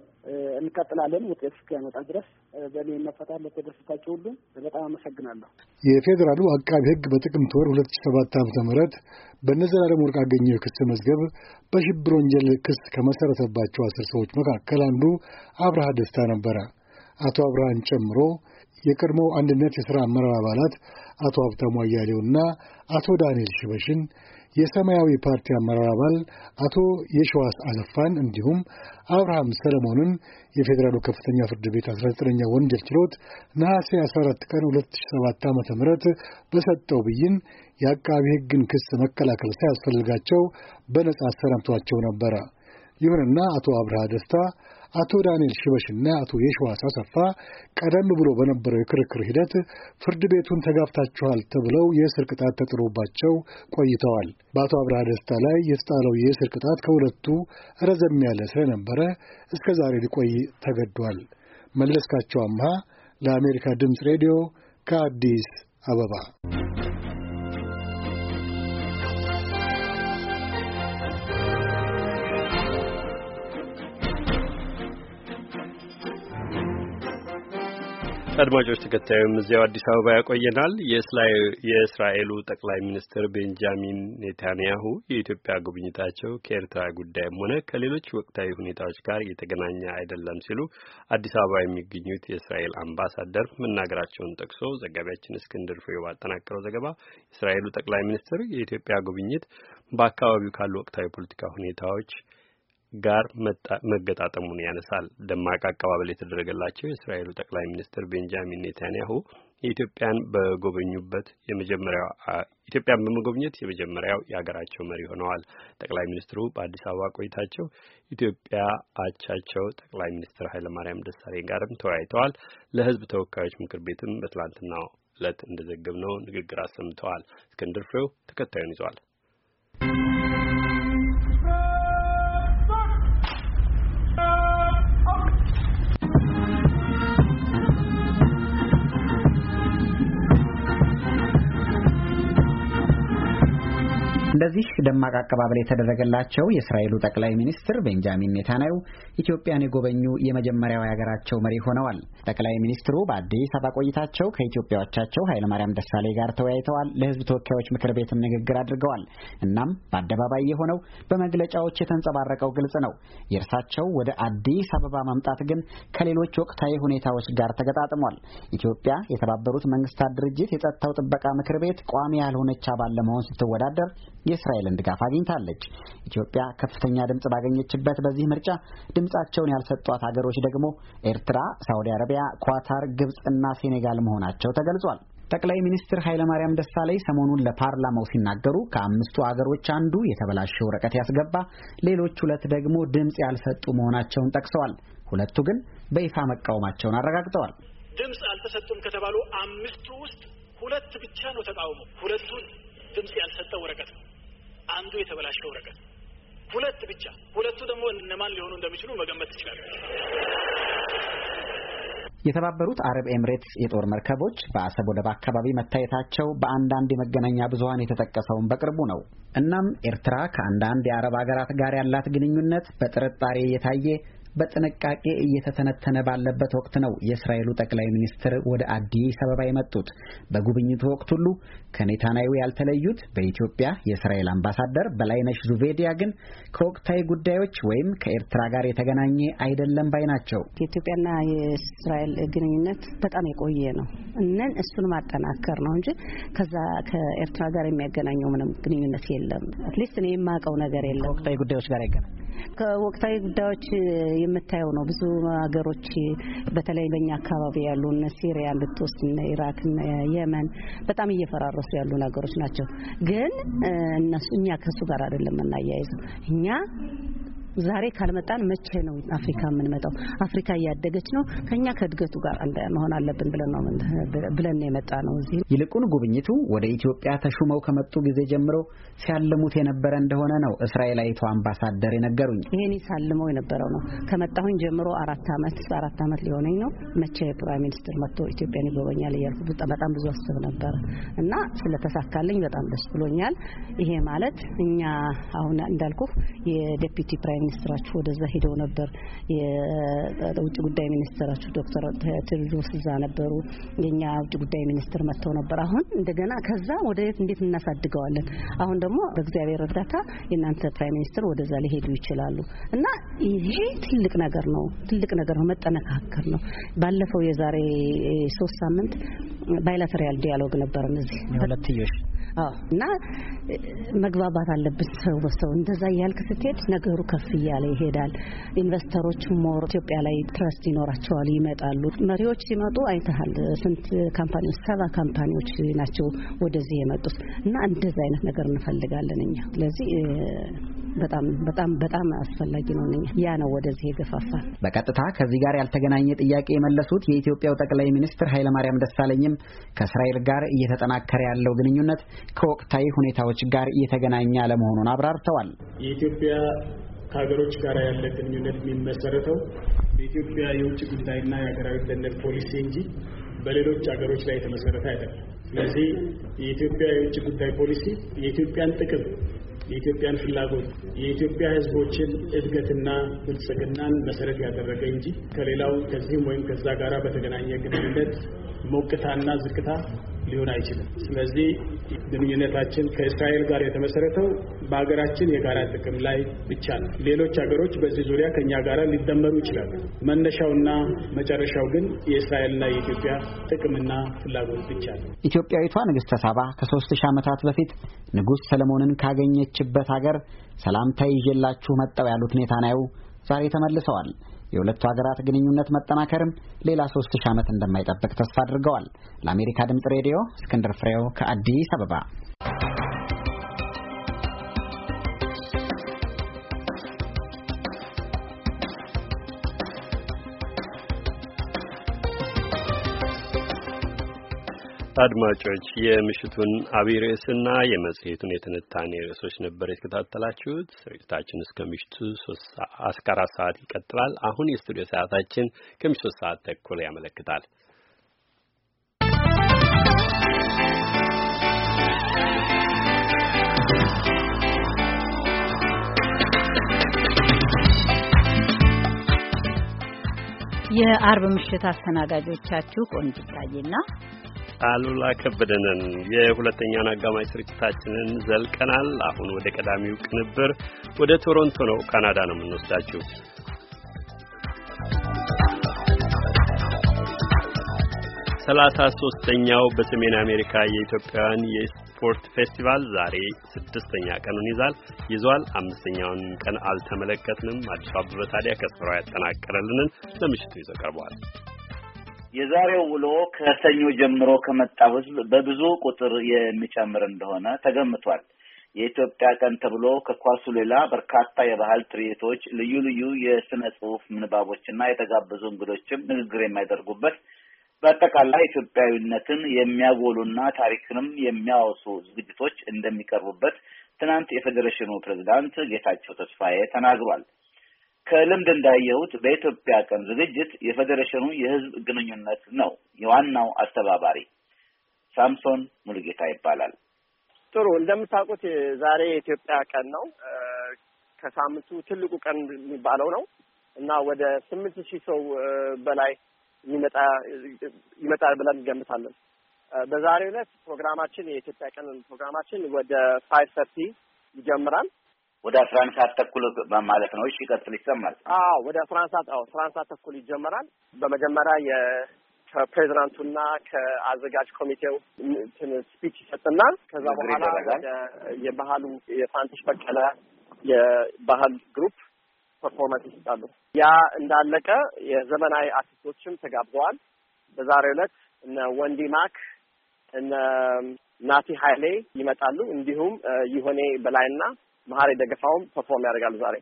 እንቀጥላለን ውጤት እስኪያመጣ ድረስ። በእኔ ይመፈታል። ለተደሰታቸው ሁሉ በጣም አመሰግናለሁ። የፌዴራሉ አቃቢ ሕግ በጥቅምት ወር ሁለት ሺ ሰባት ዓመተ ምህረት በነዘላለም ወርቅ አገኘሁ የክስ መዝገብ በሽብር ወንጀል ክስ ከመሰረተባቸው አስር ሰዎች መካከል አንዱ አብርሃ ደስታ ነበረ። አቶ አብርሃን ጨምሮ የቀድሞ አንድነት የሥራ አመራር አባላት አቶ ሀብታሙ አያሌውና አቶ ዳንኤል ሽበሽን የሰማያዊ ፓርቲ አመራር አባል አቶ የሸዋስ አሰፋን እንዲሁም አብርሃም ሰለሞንን የፌዴራሉ ከፍተኛ ፍርድ ቤት 19ኛ ወንጀል ችሎት ነሐሴ 14 ቀን 2007 ዓ ም በሰጠው ብይን የአቃቢ ሕግን ክስ መከላከል ሳያስፈልጋቸው በነጻ አሰናብቷቸው ነበረ። ይሁንና አቶ አብርሃ ደስታ አቶ ዳንኤል ሽበሽና አቶ የሸዋስ አሰፋ ቀደም ብሎ በነበረው የክርክር ሂደት ፍርድ ቤቱን ተጋፍታችኋል ተብለው የእስር ቅጣት ተጥሮባቸው ቆይተዋል። በአቶ አብርሃ ደስታ ላይ የተጣለው የእስር ቅጣት ከሁለቱ ረዘም ያለ ስለነበረ እስከ ዛሬ ሊቆይ ተገዷል። መለስካቸው አምሃ ለአሜሪካ ድምፅ ሬዲዮ ከአዲስ አበባ አድማጮች ተከታዩም እዚያው አዲስ አበባ ያቆየናል። የእስራኤሉ ጠቅላይ ሚኒስትር ቤንጃሚን ኔታንያሁ የኢትዮጵያ ጉብኝታቸው ከኤርትራ ጉዳይም ሆነ ከሌሎች ወቅታዊ ሁኔታዎች ጋር የተገናኘ አይደለም ሲሉ አዲስ አበባ የሚገኙት የእስራኤል አምባሳደር መናገራቸውን ጠቅሶ ዘጋቢያችን እስክንድር ፍሬው ባጠናቀረው ዘገባ የእስራኤሉ ጠቅላይ ሚኒስትር የኢትዮጵያ ጉብኝት በአካባቢው ካሉ ወቅታዊ ፖለቲካ ሁኔታዎች ጋር መገጣጠሙን ያነሳል። ደማቅ አቀባበል የተደረገላቸው የእስራኤሉ ጠቅላይ ሚኒስትር ቤንጃሚን ኔታንያሁ የኢትዮጵያን በጎበኙበት የመጀመሪያው ኢትዮጵያን በመጎብኘት የመጀመሪያው የሀገራቸው መሪ ሆነዋል። ጠቅላይ ሚኒስትሩ በአዲስ አበባ ቆይታቸው ኢትዮጵያ አቻቸው ጠቅላይ ሚኒስትር ኃይለማርያም ደሳለኝ ጋርም ተወያይተዋል። ለሕዝብ ተወካዮች ምክር ቤትም በትላንትናው እለት እንደዘገብነው ንግግር አሰምተዋል። እስክንድር ፍሬው ተከታዩን ይዟል። እንደዚህ ደማቅ አቀባበል የተደረገላቸው የእስራኤሉ ጠቅላይ ሚኒስትር ቤንጃሚን ኔታንያሁ ኢትዮጵያን የጎበኙ የመጀመሪያው የሀገራቸው መሪ ሆነዋል። ጠቅላይ ሚኒስትሩ በአዲስ አበባ ቆይታቸው ከኢትዮጵያዎቻቸው ኃይለማርያም ደሳሌ ጋር ተወያይተዋል። ለሕዝብ ተወካዮች ምክር ቤትም ንግግር አድርገዋል። እናም በአደባባይ የሆነው በመግለጫዎች የተንጸባረቀው ግልጽ ነው። የእርሳቸው ወደ አዲስ አበባ መምጣት ግን ከሌሎች ወቅታዊ ሁኔታዎች ጋር ተገጣጥሟል። ኢትዮጵያ የተባበሩት መንግስታት ድርጅት የጸጥታው ጥበቃ ምክር ቤት ቋሚ ያልሆነች አባል ለመሆን ስትወዳደር የእስራኤልን ድጋፍ አግኝታለች። ኢትዮጵያ ከፍተኛ ድምፅ ባገኘችበት በዚህ ምርጫ ድምፃቸውን ያልሰጧት ሀገሮች ደግሞ ኤርትራ፣ ሳውዲ አረቢያ፣ ኳታር፣ ግብፅና ሴኔጋል መሆናቸው ተገልጿል። ጠቅላይ ሚኒስትር ኃይለማርያም ደሳለኝ ሰሞኑን ለፓርላማው ሲናገሩ ከአምስቱ አገሮች አንዱ የተበላሸ ወረቀት ያስገባ፣ ሌሎች ሁለት ደግሞ ድምፅ ያልሰጡ መሆናቸውን ጠቅሰዋል። ሁለቱ ግን በይፋ መቃወማቸውን አረጋግጠዋል። ድምፅ አልተሰጡም ከተባሉ አምስቱ ውስጥ ሁለት ብቻ ነው ተቃውሞ። ሁለቱን ድምፅ ያልሰጠ ወረቀት ነው። አንዱ የተበላሸ ወረቀት ሁለት ብቻ። ሁለቱ ደግሞ እነማን ሊሆኑ እንደሚችሉ መገመት ትችላለች። የተባበሩት አረብ ኤምሬትስ የጦር መርከቦች በአሰብ ወደብ አካባቢ መታየታቸው በአንዳንድ የመገናኛ ብዙኃን የተጠቀሰውን በቅርቡ ነው። እናም ኤርትራ ከአንዳንድ የአረብ ሀገራት ጋር ያላት ግንኙነት በጥርጣሬ እየታየ በጥንቃቄ እየተተነተነ ባለበት ወቅት ነው የእስራኤሉ ጠቅላይ ሚኒስትር ወደ አዲስ አበባ የመጡት። በጉብኝቱ ወቅት ሁሉ ከኔታንያሁ ያልተለዩት በኢትዮጵያ የእስራኤል አምባሳደር በላይነሽ ዙቬዲያ ግን ከወቅታዊ ጉዳዮች ወይም ከኤርትራ ጋር የተገናኘ አይደለም ባይ ናቸው። የኢትዮጵያና የእስራኤል ግንኙነት በጣም የቆየ ነው። እነን እሱን ማጠናከር ነው እንጂ ከዛ ከኤርትራ ጋር የሚያገናኘው ምንም ግንኙነት የለም። አትሊስት እኔ የማውቀው ነገር የለም። ከወቅታዊ ጉዳዮች ጋር አይገናኝ ከወቅታዊ ጉዳዮች የምታየው ነው። ብዙ ሀገሮች በተለይ በእኛ አካባቢ ያሉ እነ ሲሪያ ልትወስድ እነ ኢራክ፣ እነ የመን በጣም እየፈራረሱ ያሉ ሀገሮች ናቸው። ግን እኛ ከእሱ ጋር አይደለም እናያይዘው እኛ ዛሬ ካልመጣን መቼ ነው አፍሪካ የምንመጣው? አፍሪካ እያደገች ነው፣ ከኛ ከእድገቱ ጋር መሆን አለብን ብለን ነው ብለን የመጣ ነው እዚህ። ይልቁን ጉብኝቱ ወደ ኢትዮጵያ ተሹመው ከመጡ ጊዜ ጀምሮ ሲያልሙት የነበረ እንደሆነ ነው እስራኤላዊቷ አምባሳደር የነገሩኝ። ይሄን ሳልመው የነበረው ነው ከመጣሁኝ ጀምሮ አራት አመት አራት አመት ሊሆነኝ ነው። መቼ ፕራይም ሚኒስትር መጥቶ ኢትዮጵያን ይጎበኛል እያልኩ በጣም ብዙ አስብ ነበር እና ስለተሳካልኝ በጣም ደስ ብሎኛል። ይሄ ማለት እኛ አሁን እንዳልኩ የዴፒቲ ፕራይም ሚኒስትራችሁ ወደዛ ሄደው ነበር። የውጭ ጉዳይ ሚኒስትራችሁ ዶክተር ቴዎድሮስ እዛ ነበሩ። የኛ ውጭ ጉዳይ ሚኒስትር መጥተው ነበር። አሁን እንደገና ከዛ ወደ የት እንዴት እናሳድገዋለን? አሁን ደግሞ በእግዚአብሔር እርዳታ የእናንተ ፕራይም ሚኒስትር ወደዛ ሊሄዱ ይችላሉ እና ይሄ ትልቅ ነገር ነው። ትልቅ ነገር ነው። መጠነካከር ነው። ባለፈው የዛሬ ሶስት ሳምንት ባይላተሪያል ዲያሎግ ነበረን እዚህ እና መግባባት አለብን ሰው በሰው እንደዛ እያልክ ስትሄድ ነገሩ ከፍ እያለ ይሄዳል። ኢንቨስተሮች ሞር ኢትዮጵያ ላይ ትረስት ይኖራቸዋል፣ ይመጣሉ። መሪዎች ሲመጡ አይተሃል። ስንት ካምፓኒዎች ሰባ ካምፓኒዎች ናቸው ወደዚህ የመጡት እና እንደዛ አይነት ነገር እንፈልጋለን እኛ። ስለዚህ በጣም በጣም በጣም አስፈላጊ ነው። ያ ነው ወደዚህ የገፋፋ። በቀጥታ ከዚህ ጋር ያልተገናኘ ጥያቄ የመለሱት የኢትዮጵያው ጠቅላይ ሚኒስትር ኃይለማርያም ደሳለኝም ከእስራኤል ጋር እየተጠናከረ ያለው ግንኙነት ከወቅታዊ ሁኔታዎች ጋር እየተገናኘ አለመሆኑን አብራርተዋል። የኢትዮጵያ ከሀገሮች ጋር ያለ ግንኙነት የሚመሰረተው በኢትዮጵያ የውጭ ጉዳይና የሀገራዊ ደህንነት ፖሊሲ እንጂ በሌሎች ሀገሮች ላይ የተመሰረተ አይደለም። ስለዚህ የኢትዮጵያ የውጭ ጉዳይ ፖሊሲ የኢትዮጵያን ጥቅም፣ የኢትዮጵያን ፍላጎት፣ የኢትዮጵያ ሕዝቦችን እድገትና ብልጽግናን መሰረት ያደረገ እንጂ ከሌላው ከዚህም ወይም ከዛ ጋራ በተገናኘ ግንኙነት ሞቅታና ዝቅታ ሊሆን አይችልም። ስለዚህ ግንኙነታችን ከእስራኤል ጋር የተመሰረተው በሀገራችን የጋራ ጥቅም ላይ ብቻ ነው። ሌሎች ሀገሮች በዚህ ዙሪያ ከእኛ ጋር ሊደመሩ ይችላሉ። መነሻውና መጨረሻው ግን የእስራኤልና የኢትዮጵያ ጥቅምና ፍላጎት ብቻ ነው። ኢትዮጵያዊቷ ንግሥተ ሳባ ከሶስት ሺህ ዓመታት በፊት ንጉሥ ሰለሞንን ካገኘችበት ሀገር ሰላምታ ይዤላችሁ መጠው ያሉት ኔታንያሁ ዛሬ ተመልሰዋል። የሁለቱ ሀገራት ግንኙነት መጠናከርም ሌላ ሶስት ሺህ ዓመት እንደማይጠብቅ ተስፋ አድርገዋል። ለአሜሪካ ድምጽ ሬዲዮ እስክንድር ፍሬው ከአዲስ አበባ አድማጮች የምሽቱን አብይ ርዕስና የመጽሔቱን የትንታኔ ርዕሶች ነበር የተከታተላችሁት። ስርጭታችን እስከ ምሽቱ እስከ አራት ሰዓት ይቀጥላል። አሁን የስቱዲዮ ሰዓታችን ከምሽቱ ሶስት ሰዓት ተኩል ያመለክታል። የአርብ ምሽት አስተናጋጆቻችሁ ቆንጅታዬና አሉላ ከበደንን የሁለተኛውን አጋማሽ ስርጭታችንን ዘልቀናል። አሁን ወደ ቀዳሚው ቅንብር ወደ ቶሮንቶ ነው፣ ካናዳ ነው የምንወስዳችሁ። ሰላሳ ሶስተኛው በሰሜን አሜሪካ የኢትዮጵያውያን የስፖርት ፌስቲቫል ዛሬ ስድስተኛ ቀኑን ይዛል ይዟል። አምስተኛውን ቀን አልተመለከትንም። አዲሱ አበበ ታዲያ ከስፍራው ያጠናቀረልንን ለምሽቱ ይዘው ቀርበዋል። የዛሬው ውሎ ከሰኞ ጀምሮ ከመጣው ህዝብ በብዙ ቁጥር የሚጨምር እንደሆነ ተገምቷል። የኢትዮጵያ ቀን ተብሎ ከኳሱ ሌላ በርካታ የባህል ትርኢቶች፣ ልዩ ልዩ የስነ ጽሁፍ ምንባቦችና የተጋበዙ እንግዶችም ንግግር የሚያደርጉበት በአጠቃላይ ኢትዮጵያዊነትን የሚያጎሉና ታሪክንም የሚያወሱ ዝግጅቶች እንደሚቀርቡበት ትናንት የፌዴሬሽኑ ፕሬዚዳንት ጌታቸው ተስፋዬ ተናግሯል። ከልምድ እንዳየሁት በኢትዮጵያ ቀን ዝግጅት የፌዴሬሽኑ የህዝብ ግንኙነት ነው የዋናው አስተባባሪ። ሳምሶን ሙሉጌታ ይባላል። ጥሩ። እንደምታውቁት ዛሬ የኢትዮጵያ ቀን ነው። ከሳምንቱ ትልቁ ቀን የሚባለው ነው እና ወደ ስምንት ሺህ ሰው በላይ የሚመጣ ይመጣል ብለን እንገምታለን። በዛሬው ዕለት ፕሮግራማችን የኢትዮጵያ ቀን ፕሮግራማችን ወደ ፋይቭ ሰርቲ ይጀምራል። ወደ አስራ አንድ ሰዓት ተኩል ማለት ነው። እሺ ቀጥል ይሰማል። አዎ ወደ አስራ አንድ ሰዓት አዎ አስራ አንድ ሰዓት ተኩል ይጀመራል። በመጀመሪያ የ ከፕሬዚዳንቱና ከአዘጋጅ ኮሚቴው ስፒች ይሰጥና ከዛ በኋላ የባህሉ የፋንቲሽ በቀለ የባህል ግሩፕ ፐርፎርማንስ ይሰጣሉ። ያ እንዳለቀ የዘመናዊ አርቲስቶችም ተጋብዘዋል። በዛሬው ዕለት እነ ወንዲ ማክ እነ ናቲ ሀይሌ ይመጣሉ። እንዲሁም ይሆኔ በላይና መሀሪ ደገፋውም ፐርፎርም ያደርጋሉ ዛሬ።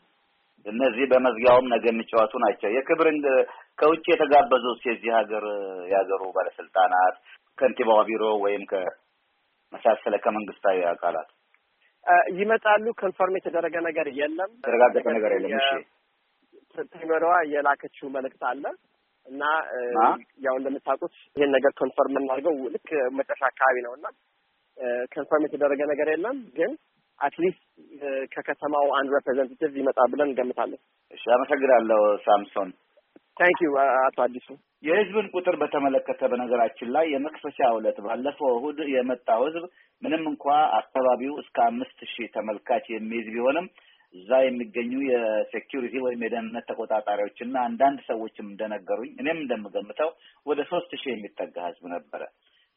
እነዚህ በመዝጊያውም ነገ የሚጫወቱ ናቸው። የክብር ከውጭ የተጋበዙ የዚህ ሀገር የሀገሩ ባለስልጣናት ከንቲባዋ ቢሮ ወይም ከመሳሰለ ከመንግስታዊ አካላት ይመጣሉ። ኮንፈርም የተደረገ ነገር የለም፣ የተረጋገጠ ነገር የለም። እሺ ቴመሪዋ የላከችው መልእክት አለ እና ያው እንደምታውቁት ይሄን ነገር ኮንፈርም የምናደርገው ልክ መጨረሻ አካባቢ ነው እና ኮንፈርም የተደረገ ነገር የለም ግን አትሊስት ከከተማው አንድ ሬፕሬዘንታቲቭ ይመጣል ብለን እንገምታለን። እሺ፣ አመሰግናለሁ ሳምሶን። ታንክ ዩ አቶ አዲሱ። የህዝብን ቁጥር በተመለከተ በነገራችን ላይ የመክፈቻ ዕለት ባለፈው እሁድ የመጣው ህዝብ ምንም እንኳ አካባቢው እስከ አምስት ሺህ ተመልካች የሚይዝ ቢሆንም እዛ የሚገኙ የሴኪሪቲ ወይም የደህንነት ተቆጣጣሪዎች እና አንዳንድ ሰዎችም እንደነገሩኝ እኔም እንደምገምተው ወደ ሶስት ሺህ የሚጠጋ ህዝብ ነበረ።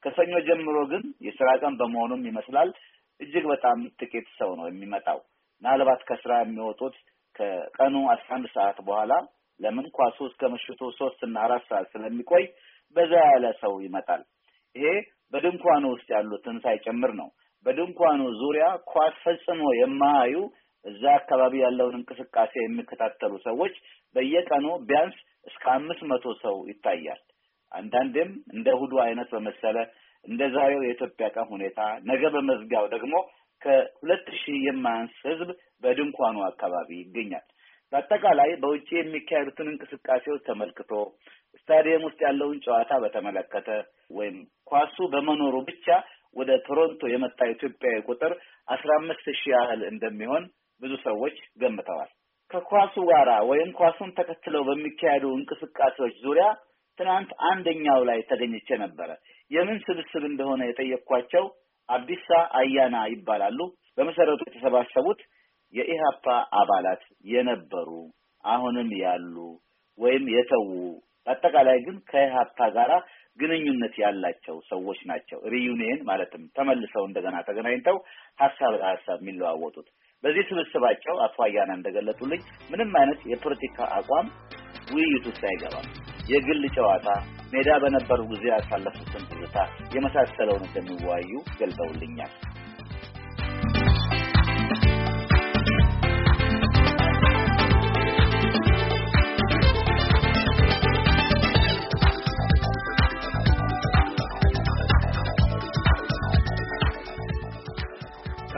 ከሰኞ ጀምሮ ግን የስራ ቀን በመሆኑም ይመስላል እጅግ በጣም ጥቂት ሰው ነው የሚመጣው። ምናልባት ከስራ የሚወጡት ከቀኑ አስራ አንድ ሰዓት በኋላ ለምን ኳሱ እስከ ምሽቱ ሶስት እና አራት ሰዓት ስለሚቆይ በዛ ያለ ሰው ይመጣል። ይሄ በድንኳኑ ውስጥ ያሉትን ሳይጨምር ነው። በድንኳኑ ዙሪያ ኳስ ፈጽሞ የማያዩ እዛ አካባቢ ያለውን እንቅስቃሴ የሚከታተሉ ሰዎች በየቀኑ ቢያንስ እስከ አምስት መቶ ሰው ይታያል። አንዳንዴም እንደ ሁዱ አይነት በመሰለ እንደ ዛሬው የኢትዮጵያ ቀን ሁኔታ ነገ በመዝጊያው ደግሞ ከሁለት ሺህ የማያንስ ህዝብ በድንኳኑ አካባቢ ይገኛል። በአጠቃላይ በውጭ የሚካሄዱትን እንቅስቃሴዎች ተመልክቶ ስታዲየም ውስጥ ያለውን ጨዋታ በተመለከተ ወይም ኳሱ በመኖሩ ብቻ ወደ ቶሮንቶ የመጣ ኢትዮጵያዊ ቁጥር አስራ አምስት ሺህ ያህል እንደሚሆን ብዙ ሰዎች ገምተዋል። ከኳሱ ጋራ ወይም ኳሱን ተከትለው በሚካሄዱ እንቅስቃሴዎች ዙሪያ ትናንት አንደኛው ላይ ተገኝቼ ነበረ። የምን ስብስብ እንደሆነ የጠየቅኳቸው አቢሳ አያና ይባላሉ። በመሰረቱ የተሰባሰቡት የኢህአፓ አባላት የነበሩ አሁንም ያሉ ወይም የተዉ በአጠቃላይ ግን ከኢህአፓ ጋር ግንኙነት ያላቸው ሰዎች ናቸው። ሪዩኒየን ማለትም ተመልሰው እንደገና ተገናኝተው ሀሳብ ለሀሳብ የሚለዋወጡት በዚህ ስብስባቸው አቶ አያና እንደገለጡልኝ ምንም አይነት የፖለቲካ አቋም ውይይቱ ውስጥ አይገባም። የግል ጨዋታ፣ ሜዳ በነበሩ ጊዜ ያሳለፉትን ትዝታ የመሳሰለውን እንደሚወያዩ ገልጠውልኛል።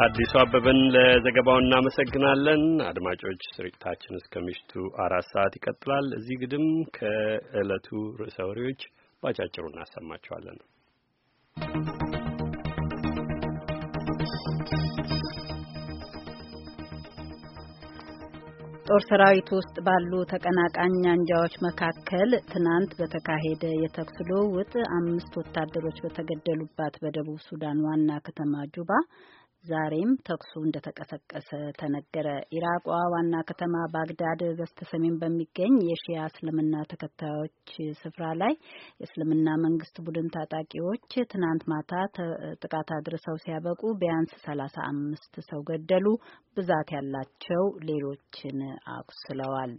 አዲሱ አበበን ለዘገባው እናመሰግናለን። አድማጮች ስርጭታችን እስከ ምሽቱ አራት ሰዓት ይቀጥላል። እዚህ ግድም ከእለቱ ርዕሰ ወሬዎች ባጫጭሩ እናሰማቸዋለን። ጦር ሰራዊት ውስጥ ባሉ ተቀናቃኝ አንጃዎች መካከል ትናንት በተካሄደ የተኩስ ልውውጥ አምስት ወታደሮች በተገደሉባት በደቡብ ሱዳን ዋና ከተማ ጁባ ዛሬም ተኩሱ እንደተቀሰቀሰ ተነገረ። ኢራቋ ዋና ከተማ ባግዳድ በስተሰሜን በሚገኝ የሺያ እስልምና ተከታዮች ስፍራ ላይ የእስልምና መንግስት ቡድን ታጣቂዎች ትናንት ማታ ጥቃት አድርሰው ሲያበቁ ቢያንስ ሰላሳ አምስት ሰው ገደሉ፣ ብዛት ያላቸው ሌሎችን አቁስለዋል።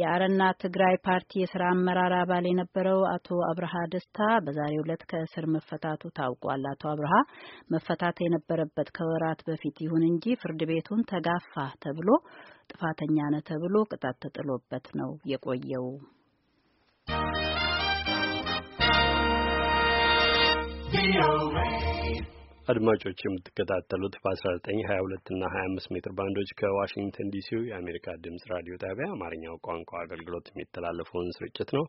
የአረና ትግራይ ፓርቲ የስራ አመራር አባል የነበረው አቶ አብርሃ ደስታ በዛሬው ዕለት ከእስር መፈታቱ ታውቋል። አቶ አብርሃ መፈታት የነበረበት ከወራት በፊት ይሁን እንጂ ፍርድ ቤቱን ተጋፋ ተብሎ ጥፋተኛ ነህ ተብሎ ቅጣት ተጥሎበት ነው የቆየው። you አድማጮች የምትከታተሉት በ1922 እና 25 ሜትር ባንዶች ከዋሽንግተን ዲሲው የአሜሪካ ድምፅ ራዲዮ ጣቢያ አማርኛው ቋንቋ አገልግሎት የሚተላለፈውን ስርጭት ነው።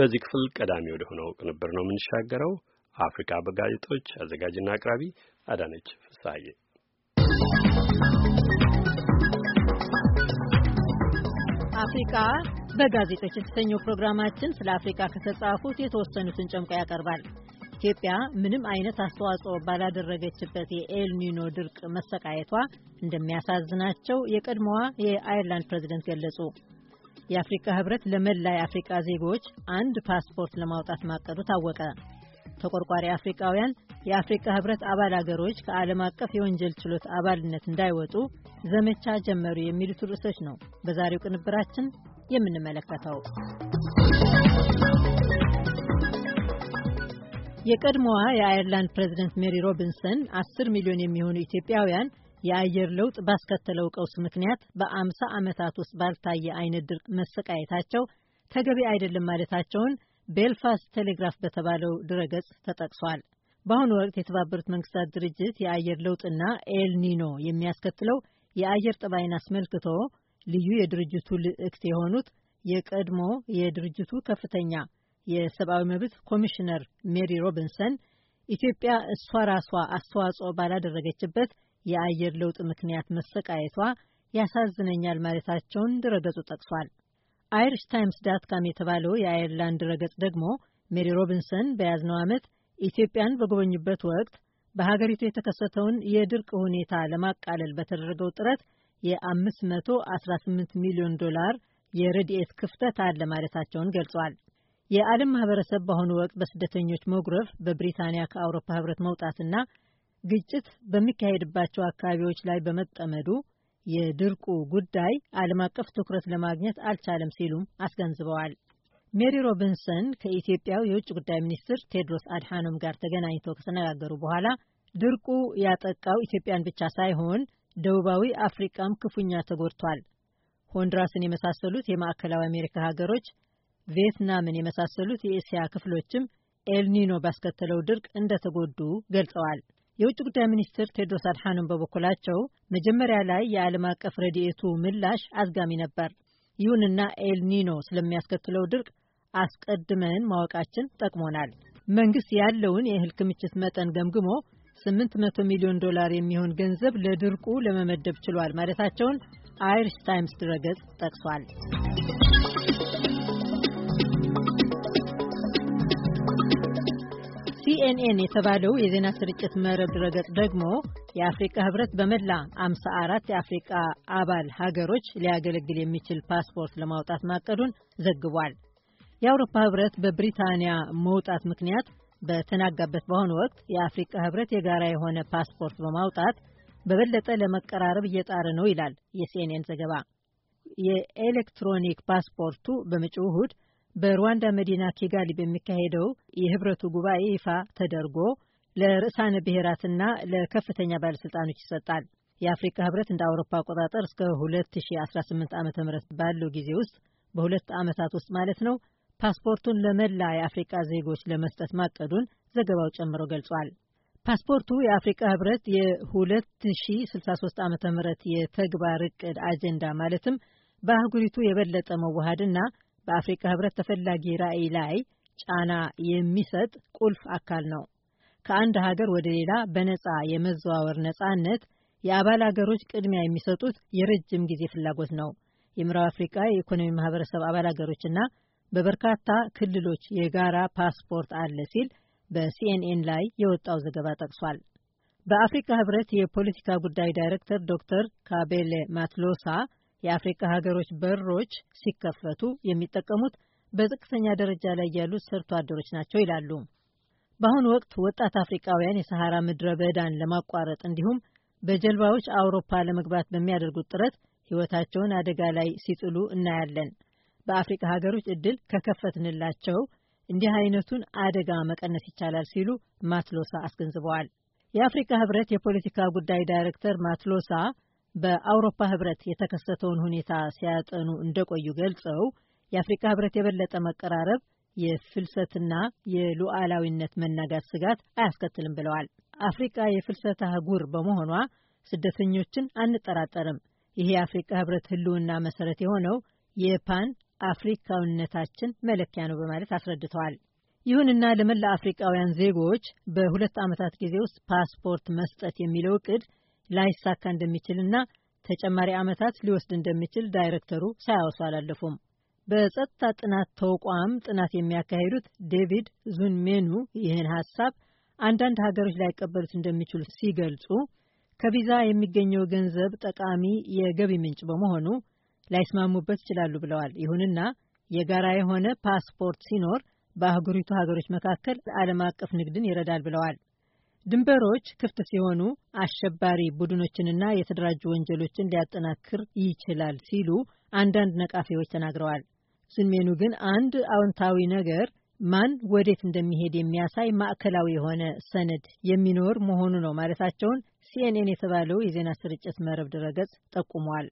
በዚህ ክፍል ቀዳሚ ወደ ሆነው ቅንብር ነው የምንሻገረው። አፍሪካ በጋዜጦች አዘጋጅና አቅራቢ አዳነች ፍሳዬ። አፍሪካ በጋዜጦች የተሰኘው ፕሮግራማችን ስለ አፍሪካ ከተጻፉት የተወሰኑትን ጨምቆ ያቀርባል። ኢትዮጵያ ምንም አይነት አስተዋጽኦ ባላደረገችበት የኤልኒኖ ድርቅ መሰቃየቷ እንደሚያሳዝናቸው የቀድሞዋ የአይርላንድ ፕሬዚደንት ገለጹ። የአፍሪካ ህብረት ለመላ የአፍሪካ ዜጎች አንድ ፓስፖርት ለማውጣት ማቀዱ ታወቀ። ተቆርቋሪ አፍሪካውያን የአፍሪካ ህብረት አባል አገሮች ከዓለም አቀፍ የወንጀል ችሎት አባልነት እንዳይወጡ ዘመቻ ጀመሩ የሚሉት ርዕሶች ነው በዛሬው ቅንብራችን የምንመለከተው። የቀድሞዋ የአየርላንድ ፕሬዚደንት ሜሪ ሮቢንሰን አስር ሚሊዮን የሚሆኑ ኢትዮጵያውያን የአየር ለውጥ ባስከተለው ቀውስ ምክንያት በአምሳ ዓመታት ውስጥ ባልታየ አይነት ድርቅ መሰቃየታቸው ተገቢ አይደለም ማለታቸውን ቤልፋስት ቴሌግራፍ በተባለው ድረገጽ ተጠቅሷል። በአሁኑ ወቅት የተባበሩት መንግስታት ድርጅት የአየር ለውጥና ኤልኒኖ የሚያስከትለው የአየር ጠባይን አስመልክቶ ልዩ የድርጅቱ ልዕክት የሆኑት የቀድሞ የድርጅቱ ከፍተኛ የሰብአዊ መብት ኮሚሽነር ሜሪ ሮቢንሰን ኢትዮጵያ እሷ ራሷ አስተዋጽኦ ባላደረገችበት የአየር ለውጥ ምክንያት መሰቃየቷ ያሳዝነኛል ማለታቸውን ድረገጹ ጠቅሷል። አይሪሽ ታይምስ ዳትካም የተባለው የአየርላንድ ድረገጽ ደግሞ ሜሪ ሮቢንሰን በያዝነው ዓመት ኢትዮጵያን በጎበኙበት ወቅት በሀገሪቱ የተከሰተውን የድርቅ ሁኔታ ለማቃለል በተደረገው ጥረት የ518 ሚሊዮን ዶላር የረድኤት ክፍተት አለ ማለታቸውን ገልጿል። የዓለም ማህበረሰብ በአሁኑ ወቅት በስደተኞች መጉረፍ በብሪታንያ ከአውሮፓ ህብረት መውጣትና ግጭት በሚካሄድባቸው አካባቢዎች ላይ በመጠመዱ የድርቁ ጉዳይ ዓለም አቀፍ ትኩረት ለማግኘት አልቻለም ሲሉም አስገንዝበዋል። ሜሪ ሮቢንሰን ከኢትዮጵያው የውጭ ጉዳይ ሚኒስትር ቴድሮስ አድሃኖም ጋር ተገናኝተው ከተነጋገሩ በኋላ ድርቁ ያጠቃው ኢትዮጵያን ብቻ ሳይሆን ደቡባዊ አፍሪቃም ክፉኛ ተጎድቷል፣ ሆንድራስን የመሳሰሉት የማዕከላዊ አሜሪካ ሀገሮች ቪየትናምን የመሳሰሉት የእስያ ክፍሎችም ኤልኒኖ ባስከተለው ድርቅ እንደተጎዱ ገልጸዋል። የውጭ ጉዳይ ሚኒስትር ቴድሮስ አድሓኖም በበኩላቸው መጀመሪያ ላይ የዓለም አቀፍ ረድኤቱ ምላሽ አዝጋሚ ነበር። ይሁንና ኤልኒኖ ስለሚያስከትለው ድርቅ አስቀድመን ማወቃችን ጠቅሞናል። መንግስት ያለውን የእህል ክምችት መጠን ገምግሞ 800 ሚሊዮን ዶላር የሚሆን ገንዘብ ለድርቁ ለመመደብ ችሏል ማለታቸውን አይሪሽ ታይምስ ድረገጽ ጠቅሷል። ሲኤንኤን የተባለው የዜና ስርጭት መረብ ድረገጽ ደግሞ የአፍሪካ ህብረት በመላ 54 የአፍሪካ አባል ሀገሮች ሊያገለግል የሚችል ፓስፖርት ለማውጣት ማቀዱን ዘግቧል። የአውሮፓ ህብረት በብሪታንያ መውጣት ምክንያት በተናጋበት በአሁኑ ወቅት የአፍሪካ ህብረት የጋራ የሆነ ፓስፖርት በማውጣት በበለጠ ለመቀራረብ እየጣረ ነው ይላል የሲኤንኤን ዘገባ። የኤሌክትሮኒክ ፓስፖርቱ በመጪው እሁድ በሩዋንዳ መዲና ኪጋሊ በሚካሄደው የህብረቱ ጉባኤ ይፋ ተደርጎ ለርዕሳነ ብሔራትና ለከፍተኛ ባለሥልጣኖች ይሰጣል። የአፍሪካ ህብረት እንደ አውሮፓ አቆጣጠር እስከ 2018 ዓ ም ባለው ጊዜ ውስጥ በሁለት ዓመታት ውስጥ ማለት ነው ፓስፖርቱን ለመላ የአፍሪቃ ዜጎች ለመስጠት ማቀዱን ዘገባው ጨምሮ ገልጿል። ፓስፖርቱ የአፍሪቃ ህብረት የ2063 ዓ ም የተግባር እቅድ አጀንዳ ማለትም በአህጉሪቱ የበለጠ መዋሃድና በአፍሪካ ህብረት ተፈላጊ ራዕይ ላይ ጫና የሚሰጥ ቁልፍ አካል ነው። ከአንድ ሀገር ወደ ሌላ በነፃ የመዘዋወር ነፃነት የአባል ሀገሮች ቅድሚያ የሚሰጡት የረጅም ጊዜ ፍላጎት ነው። የምዕራብ አፍሪካ የኢኮኖሚ ማህበረሰብ አባል ሀገሮችና በበርካታ ክልሎች የጋራ ፓስፖርት አለ ሲል በሲኤንኤን ላይ የወጣው ዘገባ ጠቅሷል። በአፍሪካ ህብረት የፖለቲካ ጉዳይ ዳይሬክተር ዶክተር ካቤሌ ማትሎሳ የአፍሪካ ሀገሮች በሮች ሲከፈቱ የሚጠቀሙት በዝቅተኛ ደረጃ ላይ ያሉት ሰርቶ አደሮች ናቸው ይላሉ። በአሁኑ ወቅት ወጣት አፍሪካውያን የሰሐራ ምድረ በዳን ለማቋረጥ እንዲሁም በጀልባዎች አውሮፓ ለመግባት በሚያደርጉት ጥረት ሕይወታቸውን አደጋ ላይ ሲጥሉ እናያለን። በአፍሪካ ሀገሮች እድል ከከፈትንላቸው እንዲህ አይነቱን አደጋ መቀነስ ይቻላል ሲሉ ማትሎሳ አስገንዝበዋል። የአፍሪካ ሕብረት የፖለቲካ ጉዳይ ዳይሬክተር ማትሎሳ በአውሮፓ ህብረት የተከሰተውን ሁኔታ ሲያጠኑ እንደቆዩ ገልጸው የአፍሪካ ህብረት የበለጠ መቀራረብ የፍልሰትና የሉዓላዊነት መናጋት ስጋት አያስከትልም ብለዋል። አፍሪካ የፍልሰት አህጉር በመሆኗ ስደተኞችን አንጠራጠርም። ይሄ የአፍሪካ ህብረት ህልውና መሰረት የሆነው የፓን አፍሪካዊነታችን መለኪያ ነው በማለት አስረድተዋል። ይሁንና ለመላ አፍሪቃውያን ዜጎች በሁለት ዓመታት ጊዜ ውስጥ ፓስፖርት መስጠት የሚለው እቅድ ላይሳካ እንደሚችልና ተጨማሪ ዓመታት ሊወስድ እንደሚችል ዳይሬክተሩ ሳያወሱ አላለፉም። በጸጥታ ጥናት ተቋም ጥናት የሚያካሂዱት ዴቪድ ዙንሜኑ ይህን ሀሳብ አንዳንድ ሀገሮች ላይቀበሉት እንደሚችሉ ሲገልጹ ከቪዛ የሚገኘው ገንዘብ ጠቃሚ የገቢ ምንጭ በመሆኑ ላይስማሙበት ይችላሉ ብለዋል። ይሁንና የጋራ የሆነ ፓስፖርት ሲኖር በአህጉሪቱ ሀገሮች መካከል ዓለም አቀፍ ንግድን ይረዳል ብለዋል። ድንበሮች ክፍት ሲሆኑ አሸባሪ ቡድኖችንና የተደራጁ ወንጀሎችን ሊያጠናክር ይችላል ሲሉ አንዳንድ ነቃፊዎች ተናግረዋል። ስሜኑ ግን አንድ አዎንታዊ ነገር ማን ወዴት እንደሚሄድ የሚያሳይ ማዕከላዊ የሆነ ሰነድ የሚኖር መሆኑ ነው ማለታቸውን ሲኤንኤን የተባለው የዜና ስርጭት መረብ ድረገጽ ጠቁሟል።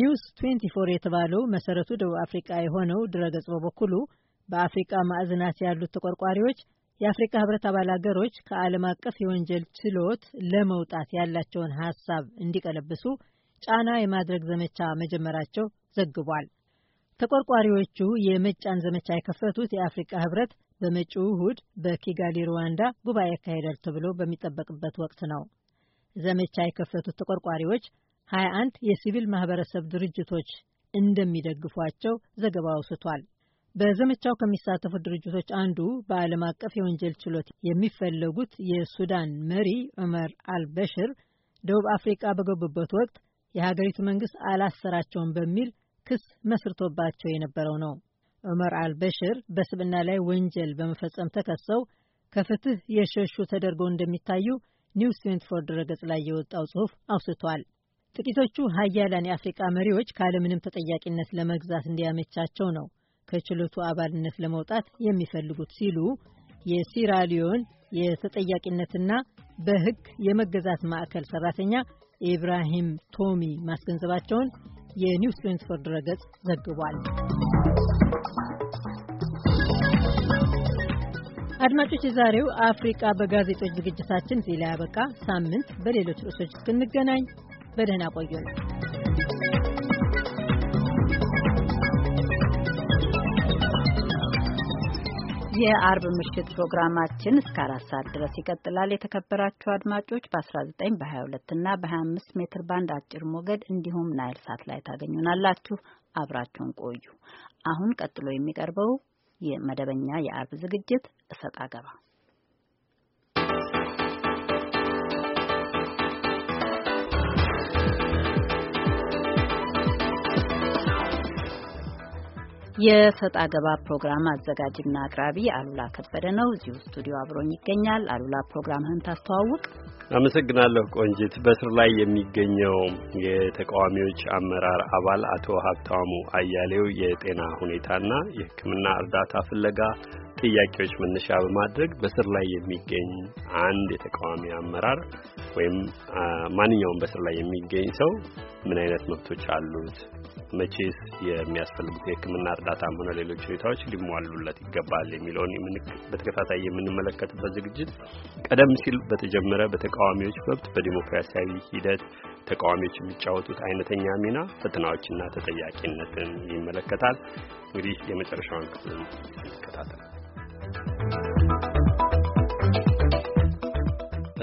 ኒውስ 24 የተባለው መሰረቱ ደቡብ አፍሪቃ የሆነው ድረገጽ በበኩሉ በአፍሪቃ ማዕዝናት ያሉት ተቆርቋሪዎች የአፍሪካ ህብረት አባል አገሮች ከዓለም አቀፍ የወንጀል ችሎት ለመውጣት ያላቸውን ሀሳብ እንዲቀለብሱ ጫና የማድረግ ዘመቻ መጀመራቸው ዘግቧል። ተቆርቋሪዎቹ የመጫን ዘመቻ የከፈቱት የአፍሪካ ህብረት በመጪው እሁድ በኪጋሊ ሩዋንዳ ጉባኤ ያካሄዳል ተብሎ በሚጠበቅበት ወቅት ነው። ዘመቻ የከፈቱት ተቆርቋሪዎች አንድ የሲቪል ማህበረሰብ ድርጅቶች እንደሚደግፏቸው ዘገባ አውስቷል። በዘመቻው ከሚሳተፉት ድርጅቶች አንዱ በዓለም አቀፍ የወንጀል ችሎት የሚፈለጉት የሱዳን መሪ ዑመር አልበሽር ደቡብ አፍሪቃ በገቡበት ወቅት የሀገሪቱ መንግስት አላሰራቸውም በሚል ክስ መስርቶባቸው የነበረው ነው። ዑመር አልበሽር በስብና ላይ ወንጀል በመፈጸም ተከሰው ከፍትህ የሸሹ ተደርገው እንደሚታዩ ኒውስ 24 ድረገጽ ላይ የወጣው ጽሑፍ አውስቷል። ጥቂቶቹ ሀያላን የአፍሪቃ መሪዎች ካለምንም ተጠያቂነት ለመግዛት እንዲያመቻቸው ነው ከችሎቱ አባልነት ለመውጣት የሚፈልጉት ሲሉ የሲራሊዮን የተጠያቂነትና በሕግ የመገዛት ማዕከል ሰራተኛ ኢብራሂም ቶሚ ማስገንዘባቸውን የኒውስ ትዌንቲፎር ድረገጽ ዘግቧል። አድማጮች፣ የዛሬው አፍሪቃ በጋዜጦች ዝግጅታችን እዚህ ላይ ያበቃ። ሳምንት በሌሎች ርዕሶች እስክንገናኝ በደህና ቆዩ ነው። የአርብ ምሽት ፕሮግራማችን እስከ አራት ሰዓት ድረስ ይቀጥላል። የተከበራችሁ አድማጮች በ19 በ22 እና በ25 ሜትር ባንድ አጭር ሞገድ እንዲሁም ናይል ሳት ላይ ታገኙናላችሁ። አብራችሁን ቆዩ። አሁን ቀጥሎ የሚቀርበው የመደበኛ የአርብ ዝግጅት እሰጥ አገባ የሰጥ አገባ ፕሮግራም አዘጋጅና አቅራቢ አሉላ ከበደ ነው። እዚሁ ስቱዲዮ አብሮኝ ይገኛል። አሉላ ፕሮግራምህን ታስተዋውቅ። አመሰግናለሁ ቆንጂት። በስር ላይ የሚገኘው የተቃዋሚዎች አመራር አባል አቶ ሀብታሙ አያሌው የጤና ሁኔታና የሕክምና እርዳታ ፍለጋ ጥያቄዎች መነሻ በማድረግ በስር ላይ የሚገኝ አንድ የተቃዋሚ አመራር ወይም ማንኛውም በስር ላይ የሚገኝ ሰው ምን አይነት መብቶች አሉት መቼስ የሚያስፈልጉት የሕክምና እርዳታም ሆነ ሌሎች ሁኔታዎች ሊሟሉለት ይገባል የሚለውን በተከታታይ የምንመለከትበት ዝግጅት ቀደም ሲል በተጀመረ በተቃዋሚዎች መብት በዲሞክራሲያዊ ሂደት ተቃዋሚዎች የሚጫወቱት አይነተኛ ሚና ፈተናዎችና ተጠያቂነትን ይመለከታል። እንግዲህ የመጨረሻውን ክፍል ይከታተላል።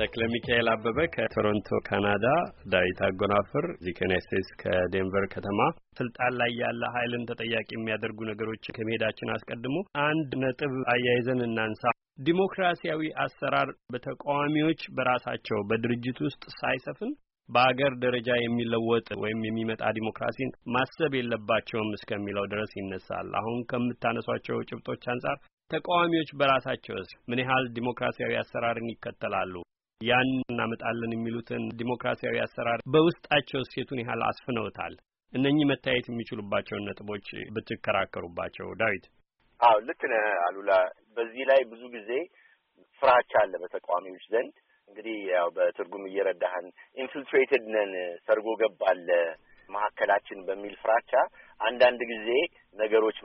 ተክለ ሚካኤል አበበ ከቶሮንቶ ካናዳ፣ ዳዊት አጎናፍር እዚህ ከዩናይት ስቴትስ ከዴንቨር ከተማ ስልጣን ላይ ያለ ኃይልን ተጠያቂ የሚያደርጉ ነገሮች ከመሄዳችን አስቀድሞ አንድ ነጥብ አያይዘን እናንሳ። ዲሞክራሲያዊ አሰራር በተቃዋሚዎች በራሳቸው በድርጅት ውስጥ ሳይሰፍን በአገር ደረጃ የሚለወጥ ወይም የሚመጣ ዲሞክራሲን ማሰብ የለባቸውም እስከሚለው ድረስ ይነሳል። አሁን ከምታነሷቸው ጭብጦች አንጻር ተቃዋሚዎች በራሳቸው ምን ያህል ዲሞክራሲያዊ አሰራርን ይከተላሉ? ያን እናመጣለን የሚሉትን ዲሞክራሲያዊ አሰራር በውስጣቸው ሴቱን ያህል አስፍነውታል። እነኚህ መታየት የሚችሉባቸውን ነጥቦች ብትከራከሩባቸው። ዳዊት አዎ ልክ ነህ አሉላ። በዚህ ላይ ብዙ ጊዜ ፍራቻ አለ በተቃዋሚዎች ዘንድ። እንግዲህ ያው በትርጉም እየረዳህን ኢንፊልትሬትድ ነን፣ ሰርጎ ገባለ አለ መሀከላችን በሚል ፍራቻ አንዳንድ ጊዜ ነገሮች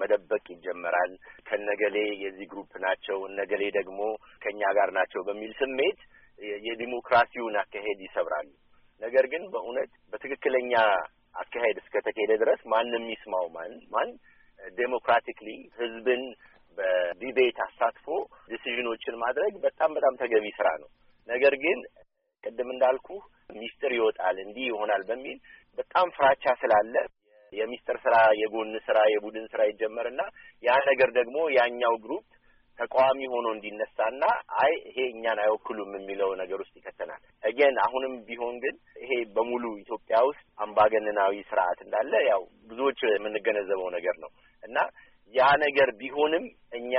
መደበቅ ይጀመራል። ከነገሌ የዚህ ግሩፕ ናቸው፣ እነገሌ ደግሞ ከእኛ ጋር ናቸው በሚል ስሜት የዲሞክራሲውን አካሄድ ይሰብራሉ። ነገር ግን በእውነት በትክክለኛ አካሄድ እስከተካሄደ ድረስ ማንም ይስማው ማን ማን ዴሞክራቲክሊ ህዝብን በዲቤት አሳትፎ ዲሲዥኖችን ማድረግ በጣም በጣም ተገቢ ስራ ነው። ነገር ግን ቅድም እንዳልኩ ሚስጥር ይወጣል እንዲህ ይሆናል በሚል በጣም ፍራቻ ስላለ የሚስጥር ስራ፣ የጎን ስራ፣ የቡድን ስራ ይጀመርና ያ ነገር ደግሞ ያኛው ግሩፕ ተቃዋሚ ሆኖ እንዲነሳና አይ ይሄ እኛን አይወክሉም የሚለው ነገር ውስጥ ይከተናል። እገን አሁንም ቢሆን ግን ይሄ በሙሉ ኢትዮጵያ ውስጥ አምባገነናዊ ስርዓት እንዳለ ያው ብዙዎች የምንገነዘበው ነገር ነው እና ያ ነገር ቢሆንም እኛ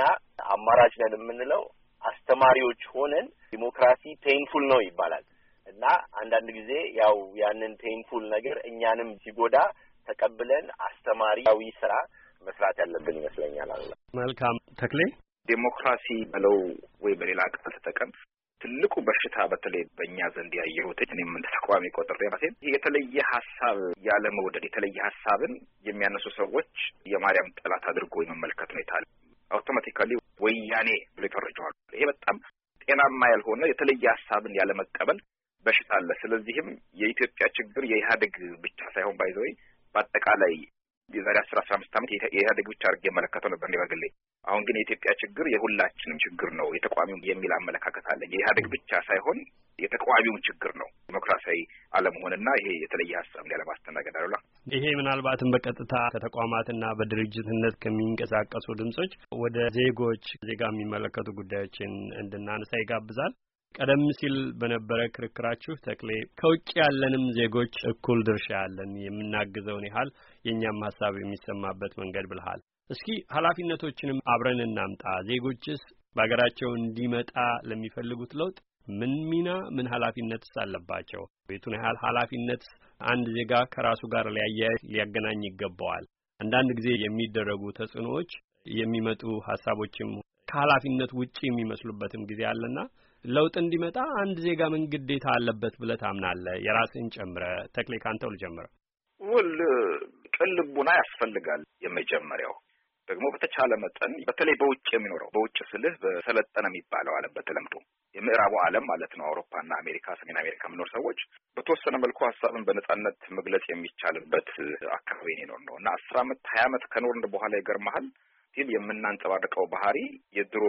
አማራጭ ነን የምንለው አስተማሪዎች ሆነን ዲሞክራሲ ፔንፉል ነው ይባላል እና አንዳንድ ጊዜ ያው ያንን ፔንፉል ነገር እኛንም ሲጎዳ ተቀብለን አስተማሪያዊ ስራ መስራት ያለብን ይመስለኛል። አላ መልካም ተክሌ ዴሞክራሲ በለው ወይ በሌላ ቃል ተጠቀም ትልቁ በሽታ በተለይ በእኛ ዘንድ ያየሁት እኔም እንደ ተቃዋሚ ቆጥሬ ራሴን የተለየ ሀሳብ ያለመውደድ የተለየ ሀሳብን የሚያነሱ ሰዎች የማርያም ጠላት አድርጎ የመመልከት ነው። አለ። አውቶማቲካሊ ወያኔ ብሎ ይፈርጀዋል። ይሄ በጣም ጤናማ ያልሆነ የተለየ ሀሳብን ያለመቀበል በሽታ አለ። ስለዚህም የኢትዮጵያ ችግር የኢህአዴግ ብቻ ሳይሆን ባይዘወይ በአጠቃላይ የዛሬ አስር አስራ አምስት ዓመት የኢህአዴግ ብቻ አድርጌ የመለከተው ነበር እኔ በግሌ። አሁን ግን የኢትዮጵያ ችግር የሁላችንም ችግር ነው የተቃዋሚው የሚል አመለካከት አለ። የኢህአዴግ ብቻ ሳይሆን የተቋሚው ችግር ነው ዲሞክራሲያዊ አለመሆንና ይሄ የተለየ ሀሳብ ላይ ለማስተናገድ አሉላ ይሄ ምናልባትም በቀጥታ ከተቋማትና በድርጅትነት ከሚንቀሳቀሱ ድምጾች ወደ ዜጎች ዜጋ የሚመለከቱ ጉዳዮችን እንድናነሳ ይጋብዛል። ቀደም ሲል በነበረ ክርክራችሁ ተክሌ ከውጭ ያለንም ዜጎች እኩል ድርሻ ያለን የምናግዘውን ያህል የእኛም ሀሳብ የሚሰማበት መንገድ ብልሃል። እስኪ ኃላፊነቶችንም አብረን እናምጣ። ዜጎችስ በሀገራቸው እንዲመጣ ለሚፈልጉት ለውጥ ምን ሚና ምን ኃላፊነትስ አለባቸው? ቤቱን ያህል ኃላፊነት አንድ ዜጋ ከራሱ ጋር ሊያያይ ሊያገናኝ ይገባዋል። አንዳንድ ጊዜ የሚደረጉ ተጽዕኖዎች የሚመጡ ሀሳቦችም ከኃላፊነት ውጪ የሚመስሉበትም ጊዜ አለና ለውጥ እንዲመጣ አንድ ዜጋ ምን ግዴታ አለበት ብለህ ታምናለህ? የራስን ጨምረ ተክሌ ካንተው ልጀምረህ። ውል ቅን ልቡና ያስፈልጋል። የመጀመሪያው ደግሞ በተቻለ መጠን በተለይ በውጭ የሚኖረው በውጭ ስልህ በሰለጠነ የሚባለው አለም በተለምዶ የምዕራቡ ዓለም ማለት ነው። አውሮፓና አሜሪካ፣ ሰሜን አሜሪካ የምኖር ሰዎች በተወሰነ መልኩ ሀሳብን በነጻነት መግለጽ የሚቻልበት አካባቢ ነው ነው እና አስር አመት ሀያ አመት ከኖርን በኋላ ይገርመሃል ስቲል የምናንጸባርቀው ባህሪ የድሮ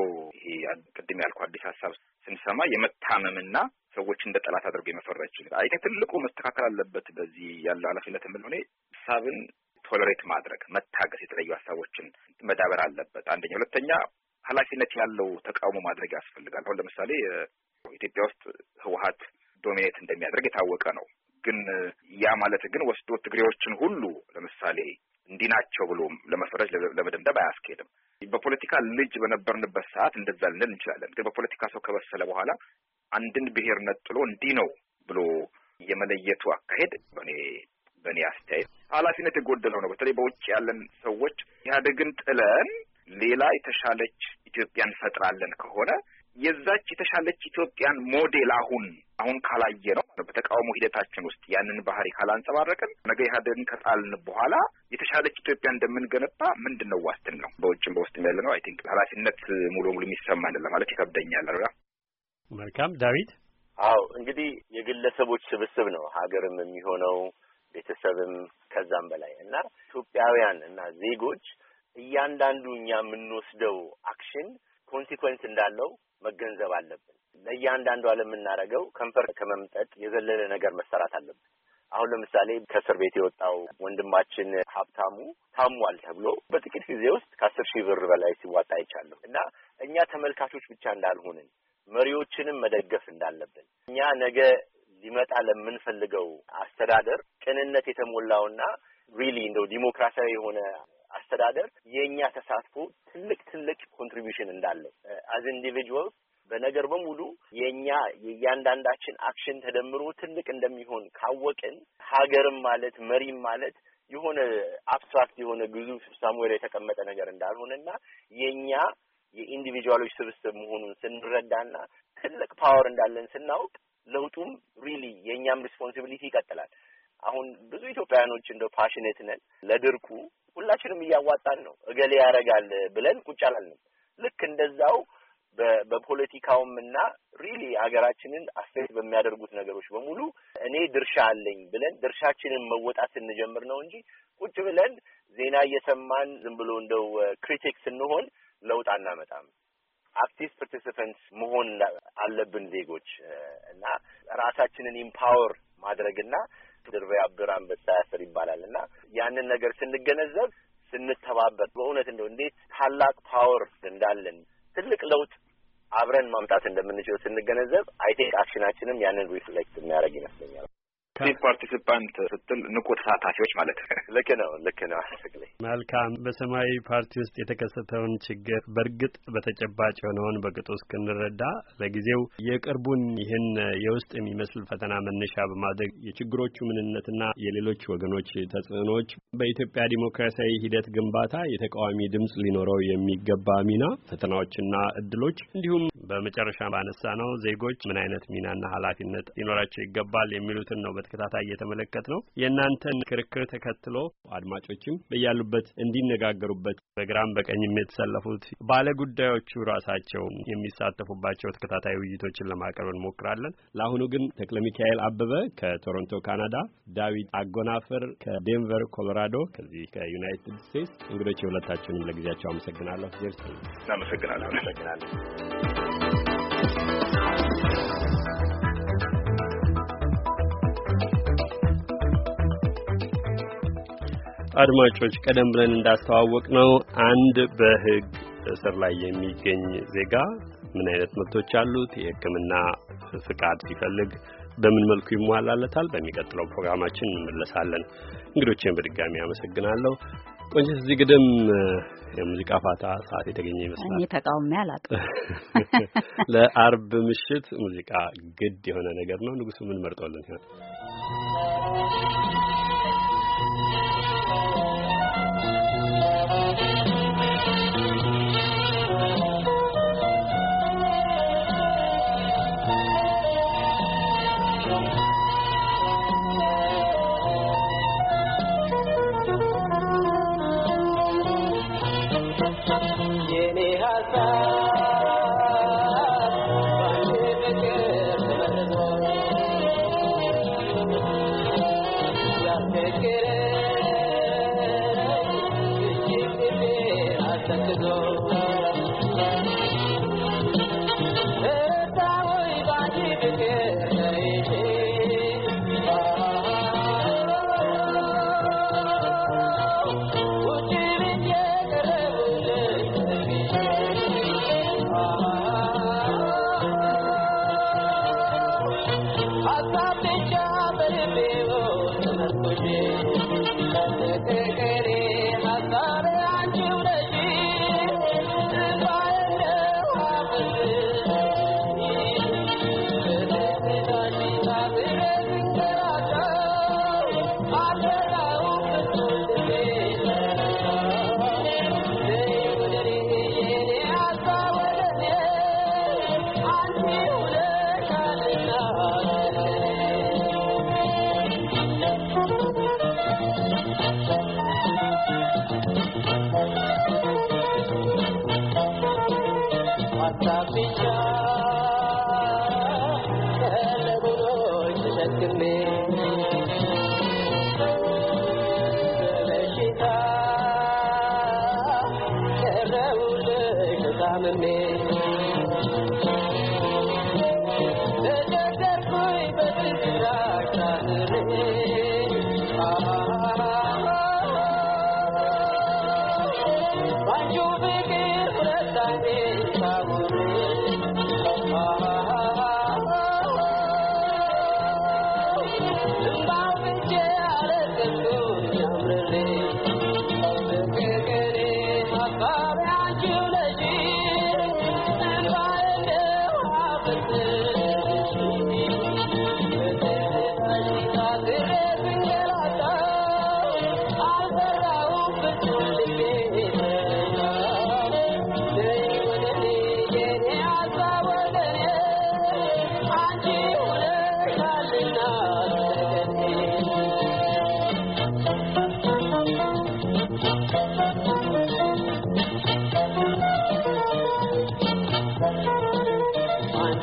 ይሄ ቅድም ያልኩ አዲስ ሀሳብ ስንሰማ የመታመምና ሰዎች እንደ ጠላት አድርጎ የመፈረጅ አይ ትልቁ መስተካከል አለበት። በዚህ ያለው ኃላፊነት የምል ሆኔ ሀሳብን ቶለሬት ማድረግ መታገስ፣ የተለዩ ሀሳቦችን መዳበር አለበት። አንደኛ። ሁለተኛ ኃላፊነት ያለው ተቃውሞ ማድረግ ያስፈልጋል። አሁን ለምሳሌ ኢትዮጵያ ውስጥ ህወሀት ዶሚኔት እንደሚያደርግ የታወቀ ነው። ግን ያ ማለት ግን ወስዶ ትግሬዎችን ሁሉ ለምሳሌ እንዲህ ናቸው ብሎ ለመፈረጅ ለመደምደም አያስኬድም። በፖለቲካ ልጅ በነበርንበት ሰዓት እንደዛ ልንል እንችላለን። ግን በፖለቲካ ሰው ከበሰለ በኋላ አንድን ብሔር ነጥሎ እንዲህ ነው ብሎ የመለየቱ አካሄድ በእኔ በእኔ አስተያየት ኃላፊነት የጎደለው ነው። በተለይ በውጭ ያለን ሰዎች ኢህአዴግን ጥለን ሌላ የተሻለች ኢትዮጵያ እንፈጥራለን ከሆነ የዛች የተሻለች ኢትዮጵያን ሞዴል አሁን አሁን ካላየ ነው በተቃውሞ ሂደታችን ውስጥ ያንን ባህሪ ካላንጸባረቅን ነገ ኢህአዴግን ከጣልን በኋላ የተሻለች ኢትዮጵያ እንደምንገነባ ምንድን ነው ዋስትን ነው በውጭም በውስጥም ያለ ነው። አይ ቲንክ ኃላፊነት ሙሉ ሙሉ አይደለም ማለት ይከብደኛል። መልካም ዳዊት። አዎ እንግዲህ የግለሰቦች ስብስብ ነው ሀገርም የሚሆነው ቤተሰብም ከዛም በላይ እና ኢትዮጵያውያን እና ዜጎች እያንዳንዱ እኛ የምንወስደው አክሽን ኮንሲኮንስ እንዳለው መገንዘብ አለብን። ለእያንዳንዱ ለምናደርገው ከንፈር ከመምጠጥ የዘለለ ነገር መሰራት አለብን። አሁን ለምሳሌ ከእስር ቤት የወጣው ወንድማችን ሀብታሙ ታሟል ተብሎ በጥቂት ጊዜ ውስጥ ከአስር ሺህ ብር በላይ ሲዋጣ አይቻለሁ እና እኛ ተመልካቾች ብቻ እንዳልሆንን መሪዎችንም መደገፍ እንዳለብን እኛ ነገ ሊመጣ ለምንፈልገው አስተዳደር ቅንነት የተሞላውና ሪሊ እንደው ዲሞክራሲያዊ የሆነ አስተዳደር የእኛ ተሳትፎ ትልቅ ትልቅ ኮንትሪቢሽን እንዳለው አዝ ኢንዲቪጁዋል በነገር በሙሉ የእኛ የእያንዳንዳችን አክሽን ተደምሮ ትልቅ እንደሚሆን ካወቅን ሀገርም ማለት መሪም ማለት የሆነ አብስትራክት የሆነ ግዙፍ ሳምዌር የተቀመጠ ነገር እንዳልሆነና የእኛ የኢንዲቪጁዋሎች ስብስብ መሆኑን ስንረዳና ትልቅ ፓወር እንዳለን ስናውቅ ለውጡም ሪሊ የእኛም ሪስፖንሲቢሊቲ ይቀጥላል። አሁን ብዙ ኢትዮጵያውያኖች እንደ ፓሽኔት ነን ለድርቁ ሁላችንም እያዋጣን ነው እገሌ ያደርጋል ብለን ቁጭ አላልንም። ልክ እንደዛው በፖለቲካውም እና ሪሊ ሀገራችንን አስተያየት በሚያደርጉት ነገሮች በሙሉ እኔ ድርሻ አለኝ ብለን ድርሻችንን መወጣት እንጀምር ነው እንጂ ቁጭ ብለን ዜና እየሰማን ዝም ብሎ እንደው ክሪቲክ ስንሆን ለውጥ አናመጣም። አክቲቭ ፓርቲሲፐንት መሆን አለብን ዜጎች እና ራሳችንን ኢምፓወር ማድረግና ድር ያብር አንበሳ ያስር ይባላል እና ያንን ነገር ስንገነዘብ ስንተባበር በእውነት እንደው እንዴት ታላቅ ፓወር እንዳለን ትልቅ ለውጥ አብረን ማምጣት እንደምንችል ስንገነዘብ አይ ቲንክ አክሽናችንም ያንን ሪፍሌክት የሚያደርግ ይመስለኛል። አክቲቭ ፓርቲሲፓንት ስትል ንቁ ተሳታፊዎች ማለት ነው። [laughs] ልክ ነው፣ ልክ ነው። መልካም። በሰማያዊ ፓርቲ ውስጥ የተከሰተውን ችግር በእርግጥ በተጨባጭ የሆነውን በቅጡ እስክንረዳ ለጊዜው የቅርቡን ይህን የውስጥ የሚመስል ፈተና መነሻ በማድረግ የችግሮቹ ምንነትና የሌሎች ወገኖች ተጽዕኖዎች በኢትዮጵያ ዲሞክራሲያዊ ሂደት ግንባታ የተቃዋሚ ድምፅ ሊኖረው የሚገባ ሚና፣ ፈተናዎችና እድሎች እንዲሁም በመጨረሻ ባነሳ ነው ዜጎች ምን አይነት ሚናና ኃላፊነት ሊኖራቸው ይገባል የሚሉትን ነው በተከታታይ እየተመለከት ነው። የእናንተን ክርክር ተከትሎ አድማጮችም በያሉበት እንዲነጋገሩበት በግራም በቀኝም የተሰለፉት ባለጉዳዮቹ ራሳቸው የሚሳተፉባቸው ተከታታይ ውይይቶችን ለማቅረብ እንሞክራለን። ለአሁኑ ግን ተክለ ሚካኤል አበበ ከቶሮንቶ ካናዳ፣ ዳዊት አጎናፍር ከዴንቨር ኮሎራዶ ከዚህ ከዩናይትድ ስቴትስ እንግዶች የሁለታችሁንም ለጊዜያቸው አመሰግናለሁ። ዜርስ አመሰግናለሁ። አመሰግናለሁ። አድማጮች ቀደም ብለን እንዳስተዋወቅ ነው አንድ በህግ እስር ላይ የሚገኝ ዜጋ ምን አይነት መብቶች አሉት? የህክምና ፍቃድ ሲፈልግ በምን መልኩ ይሟላለታል? በሚቀጥለው ፕሮግራማችን እንመለሳለን። እንግዶችን በድጋሚ አመሰግናለሁ። ቆንጆ እዚህ ግድም የሙዚቃ ፋታ ሰዓት የተገኘ ይመስላል። እኔ ተቃውሞ አላውቅም። ለአርብ ምሽት ሙዚቃ ግድ የሆነ ነገር ነው። ንጉሱ ምን መርጦልን ይሆን? Jai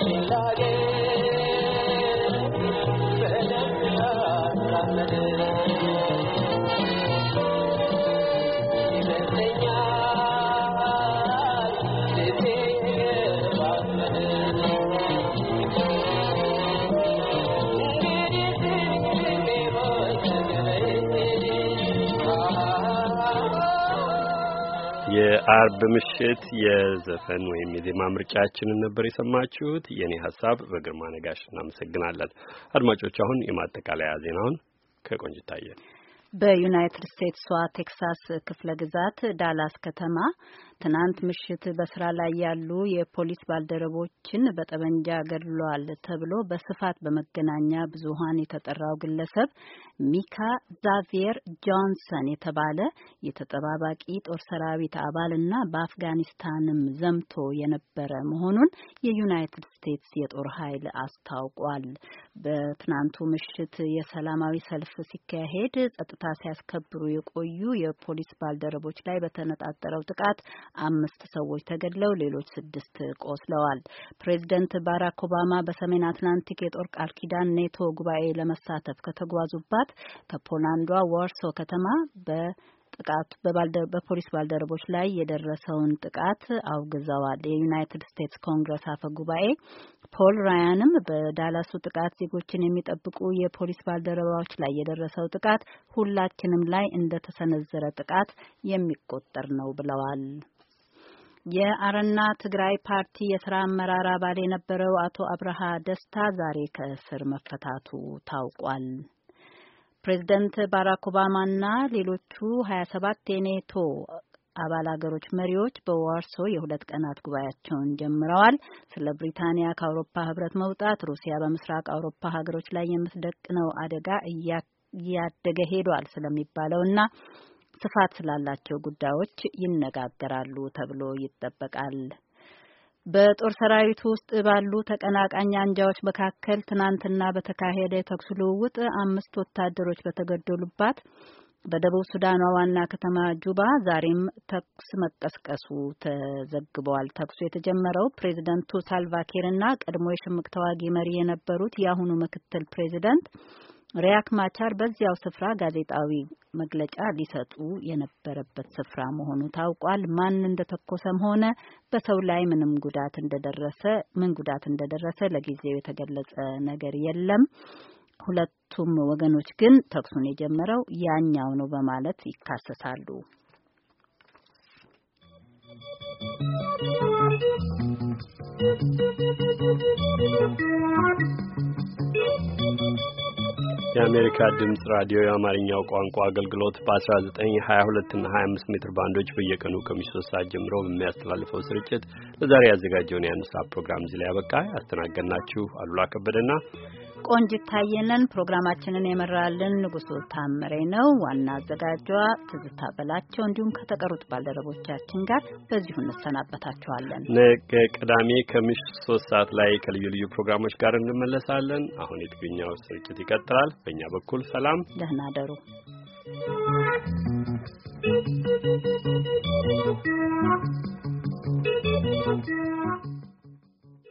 la የአርብ ምሽት የዘፈን ወይም የዜማ ምርጫችንን ነበር የሰማችሁት። የእኔ ሀሳብ በግርማ ነጋሽ። እናመሰግናለን አድማጮች። አሁን የማጠቃለያ ዜናውን ከቆንጅታየን ታየ በዩናይትድ ስቴትሷ ቴክሳስ ክፍለ ግዛት ዳላስ ከተማ ትናንት ምሽት በስራ ላይ ያሉ የፖሊስ ባልደረቦችን በጠመንጃ ገድሏል ተብሎ በስፋት በመገናኛ ብዙኃን የተጠራው ግለሰብ ሚካ ዛቪየር ጆንሰን የተባለ የተጠባባቂ ጦር ሰራዊት አባል እና በአፍጋኒስታንም ዘምቶ የነበረ መሆኑን የዩናይትድ ስቴትስ የጦር ኃይል አስታውቋል። በትናንቱ ምሽት የሰላማዊ ሰልፍ ሲካሄድ ጸጥታ ሲያስከብሩ የቆዩ የፖሊስ ባልደረቦች ላይ በተነጣጠረው ጥቃት አምስት ሰዎች ተገድለው ሌሎች ስድስት ቆስለዋል። ፕሬዚደንት ባራክ ኦባማ በሰሜን አትላንቲክ የጦር ቃል ኪዳን ኔቶ ጉባኤ ለመሳተፍ ከተጓዙባት ከፖላንዷ ዋርሶ ከተማ በጥቃቱ በፖሊስ ባልደረቦች ላይ የደረሰውን ጥቃት አውግዘዋል። የዩናይትድ ስቴትስ ኮንግረስ አፈ ጉባኤ ፖል ራያንም በዳላሱ ጥቃት ዜጎችን የሚጠብቁ የፖሊስ ባልደረባዎች ላይ የደረሰው ጥቃት ሁላችንም ላይ እንደተሰነዘረ ጥቃት የሚቆጠር ነው ብለዋል። የአረና ትግራይ ፓርቲ የስራ አመራር አባል የነበረው አቶ አብርሃ ደስታ ዛሬ ከእስር መፈታቱ ታውቋል። ፕሬዚደንት ባራክ ኦባማና ሌሎቹ ሀያ ሰባት የኔቶ አባል አገሮች መሪዎች በዋርሶ የሁለት ቀናት ጉባኤያቸውን ጀምረዋል። ስለ ብሪታንያ ከአውሮፓ ህብረት መውጣት፣ ሩሲያ በምስራቅ አውሮፓ ሀገሮች ላይ የምትደቅነው አደጋ እያደገ ሄዷል ስለሚባለውና ስፋት ስላላቸው ጉዳዮች ይነጋገራሉ ተብሎ ይጠበቃል። በጦር ሰራዊት ውስጥ ባሉ ተቀናቃኝ አንጃዎች መካከል ትናንትና በተካሄደ የተኩስ ልውውጥ አምስት ወታደሮች በተገደሉባት በደቡብ ሱዳኗ ዋና ከተማ ጁባ ዛሬም ተኩስ መቀስቀሱ ተዘግበዋል። ተኩሱ የተጀመረው ሳልቫኪር እና ቀድሞ የሽምቅ ተዋጊ መሪ የነበሩት የአሁኑ ምክትል ፕሬዝደንት ሪያክ ማቻር በዚያው ስፍራ ጋዜጣዊ መግለጫ ሊሰጡ የነበረበት ስፍራ መሆኑ ታውቋል። ማን እንደተኮሰም ሆነ በሰው ላይ ምንም ጉዳት እንደደረሰ ምን ጉዳት እንደደረሰ ለጊዜው የተገለጸ ነገር የለም። ሁለቱም ወገኖች ግን ተኩሱን የጀመረው ያኛው ነው በማለት ይካሰሳሉ። Thank you. የአሜሪካ ድምፅ ራዲዮ የአማርኛው ቋንቋ አገልግሎት በ1922 እና 25 ሜትር ባንዶች በየቀኑ ከምሽቱ ሶስት ሰዓት ጀምሮ በሚያስተላልፈው ስርጭት ለዛሬ ያዘጋጀውን የአንድ ሰዓት ፕሮግራም እዚህ ላይ ያበቃ። ያስተናገድናችሁ አሉላ ከበደና ቆንጅት ታየነን ፕሮግራማችንን የመራልን ንጉሱ ታምሬ ነው። ዋና አዘጋጇ ትዝታ በላቸው እንዲሁም ከተቀሩት ባልደረቦቻችን ጋር በዚሁ እንሰናበታችኋለን። ነገ ቅዳሜ ከምሽት ሶስት ሰዓት ላይ ከልዩ ልዩ ፕሮግራሞች ጋር እንመለሳለን። አሁን የትግኛው ስርጭት ይቀጥላል። በእኛ በኩል ሰላም፣ ደህና ደሩ።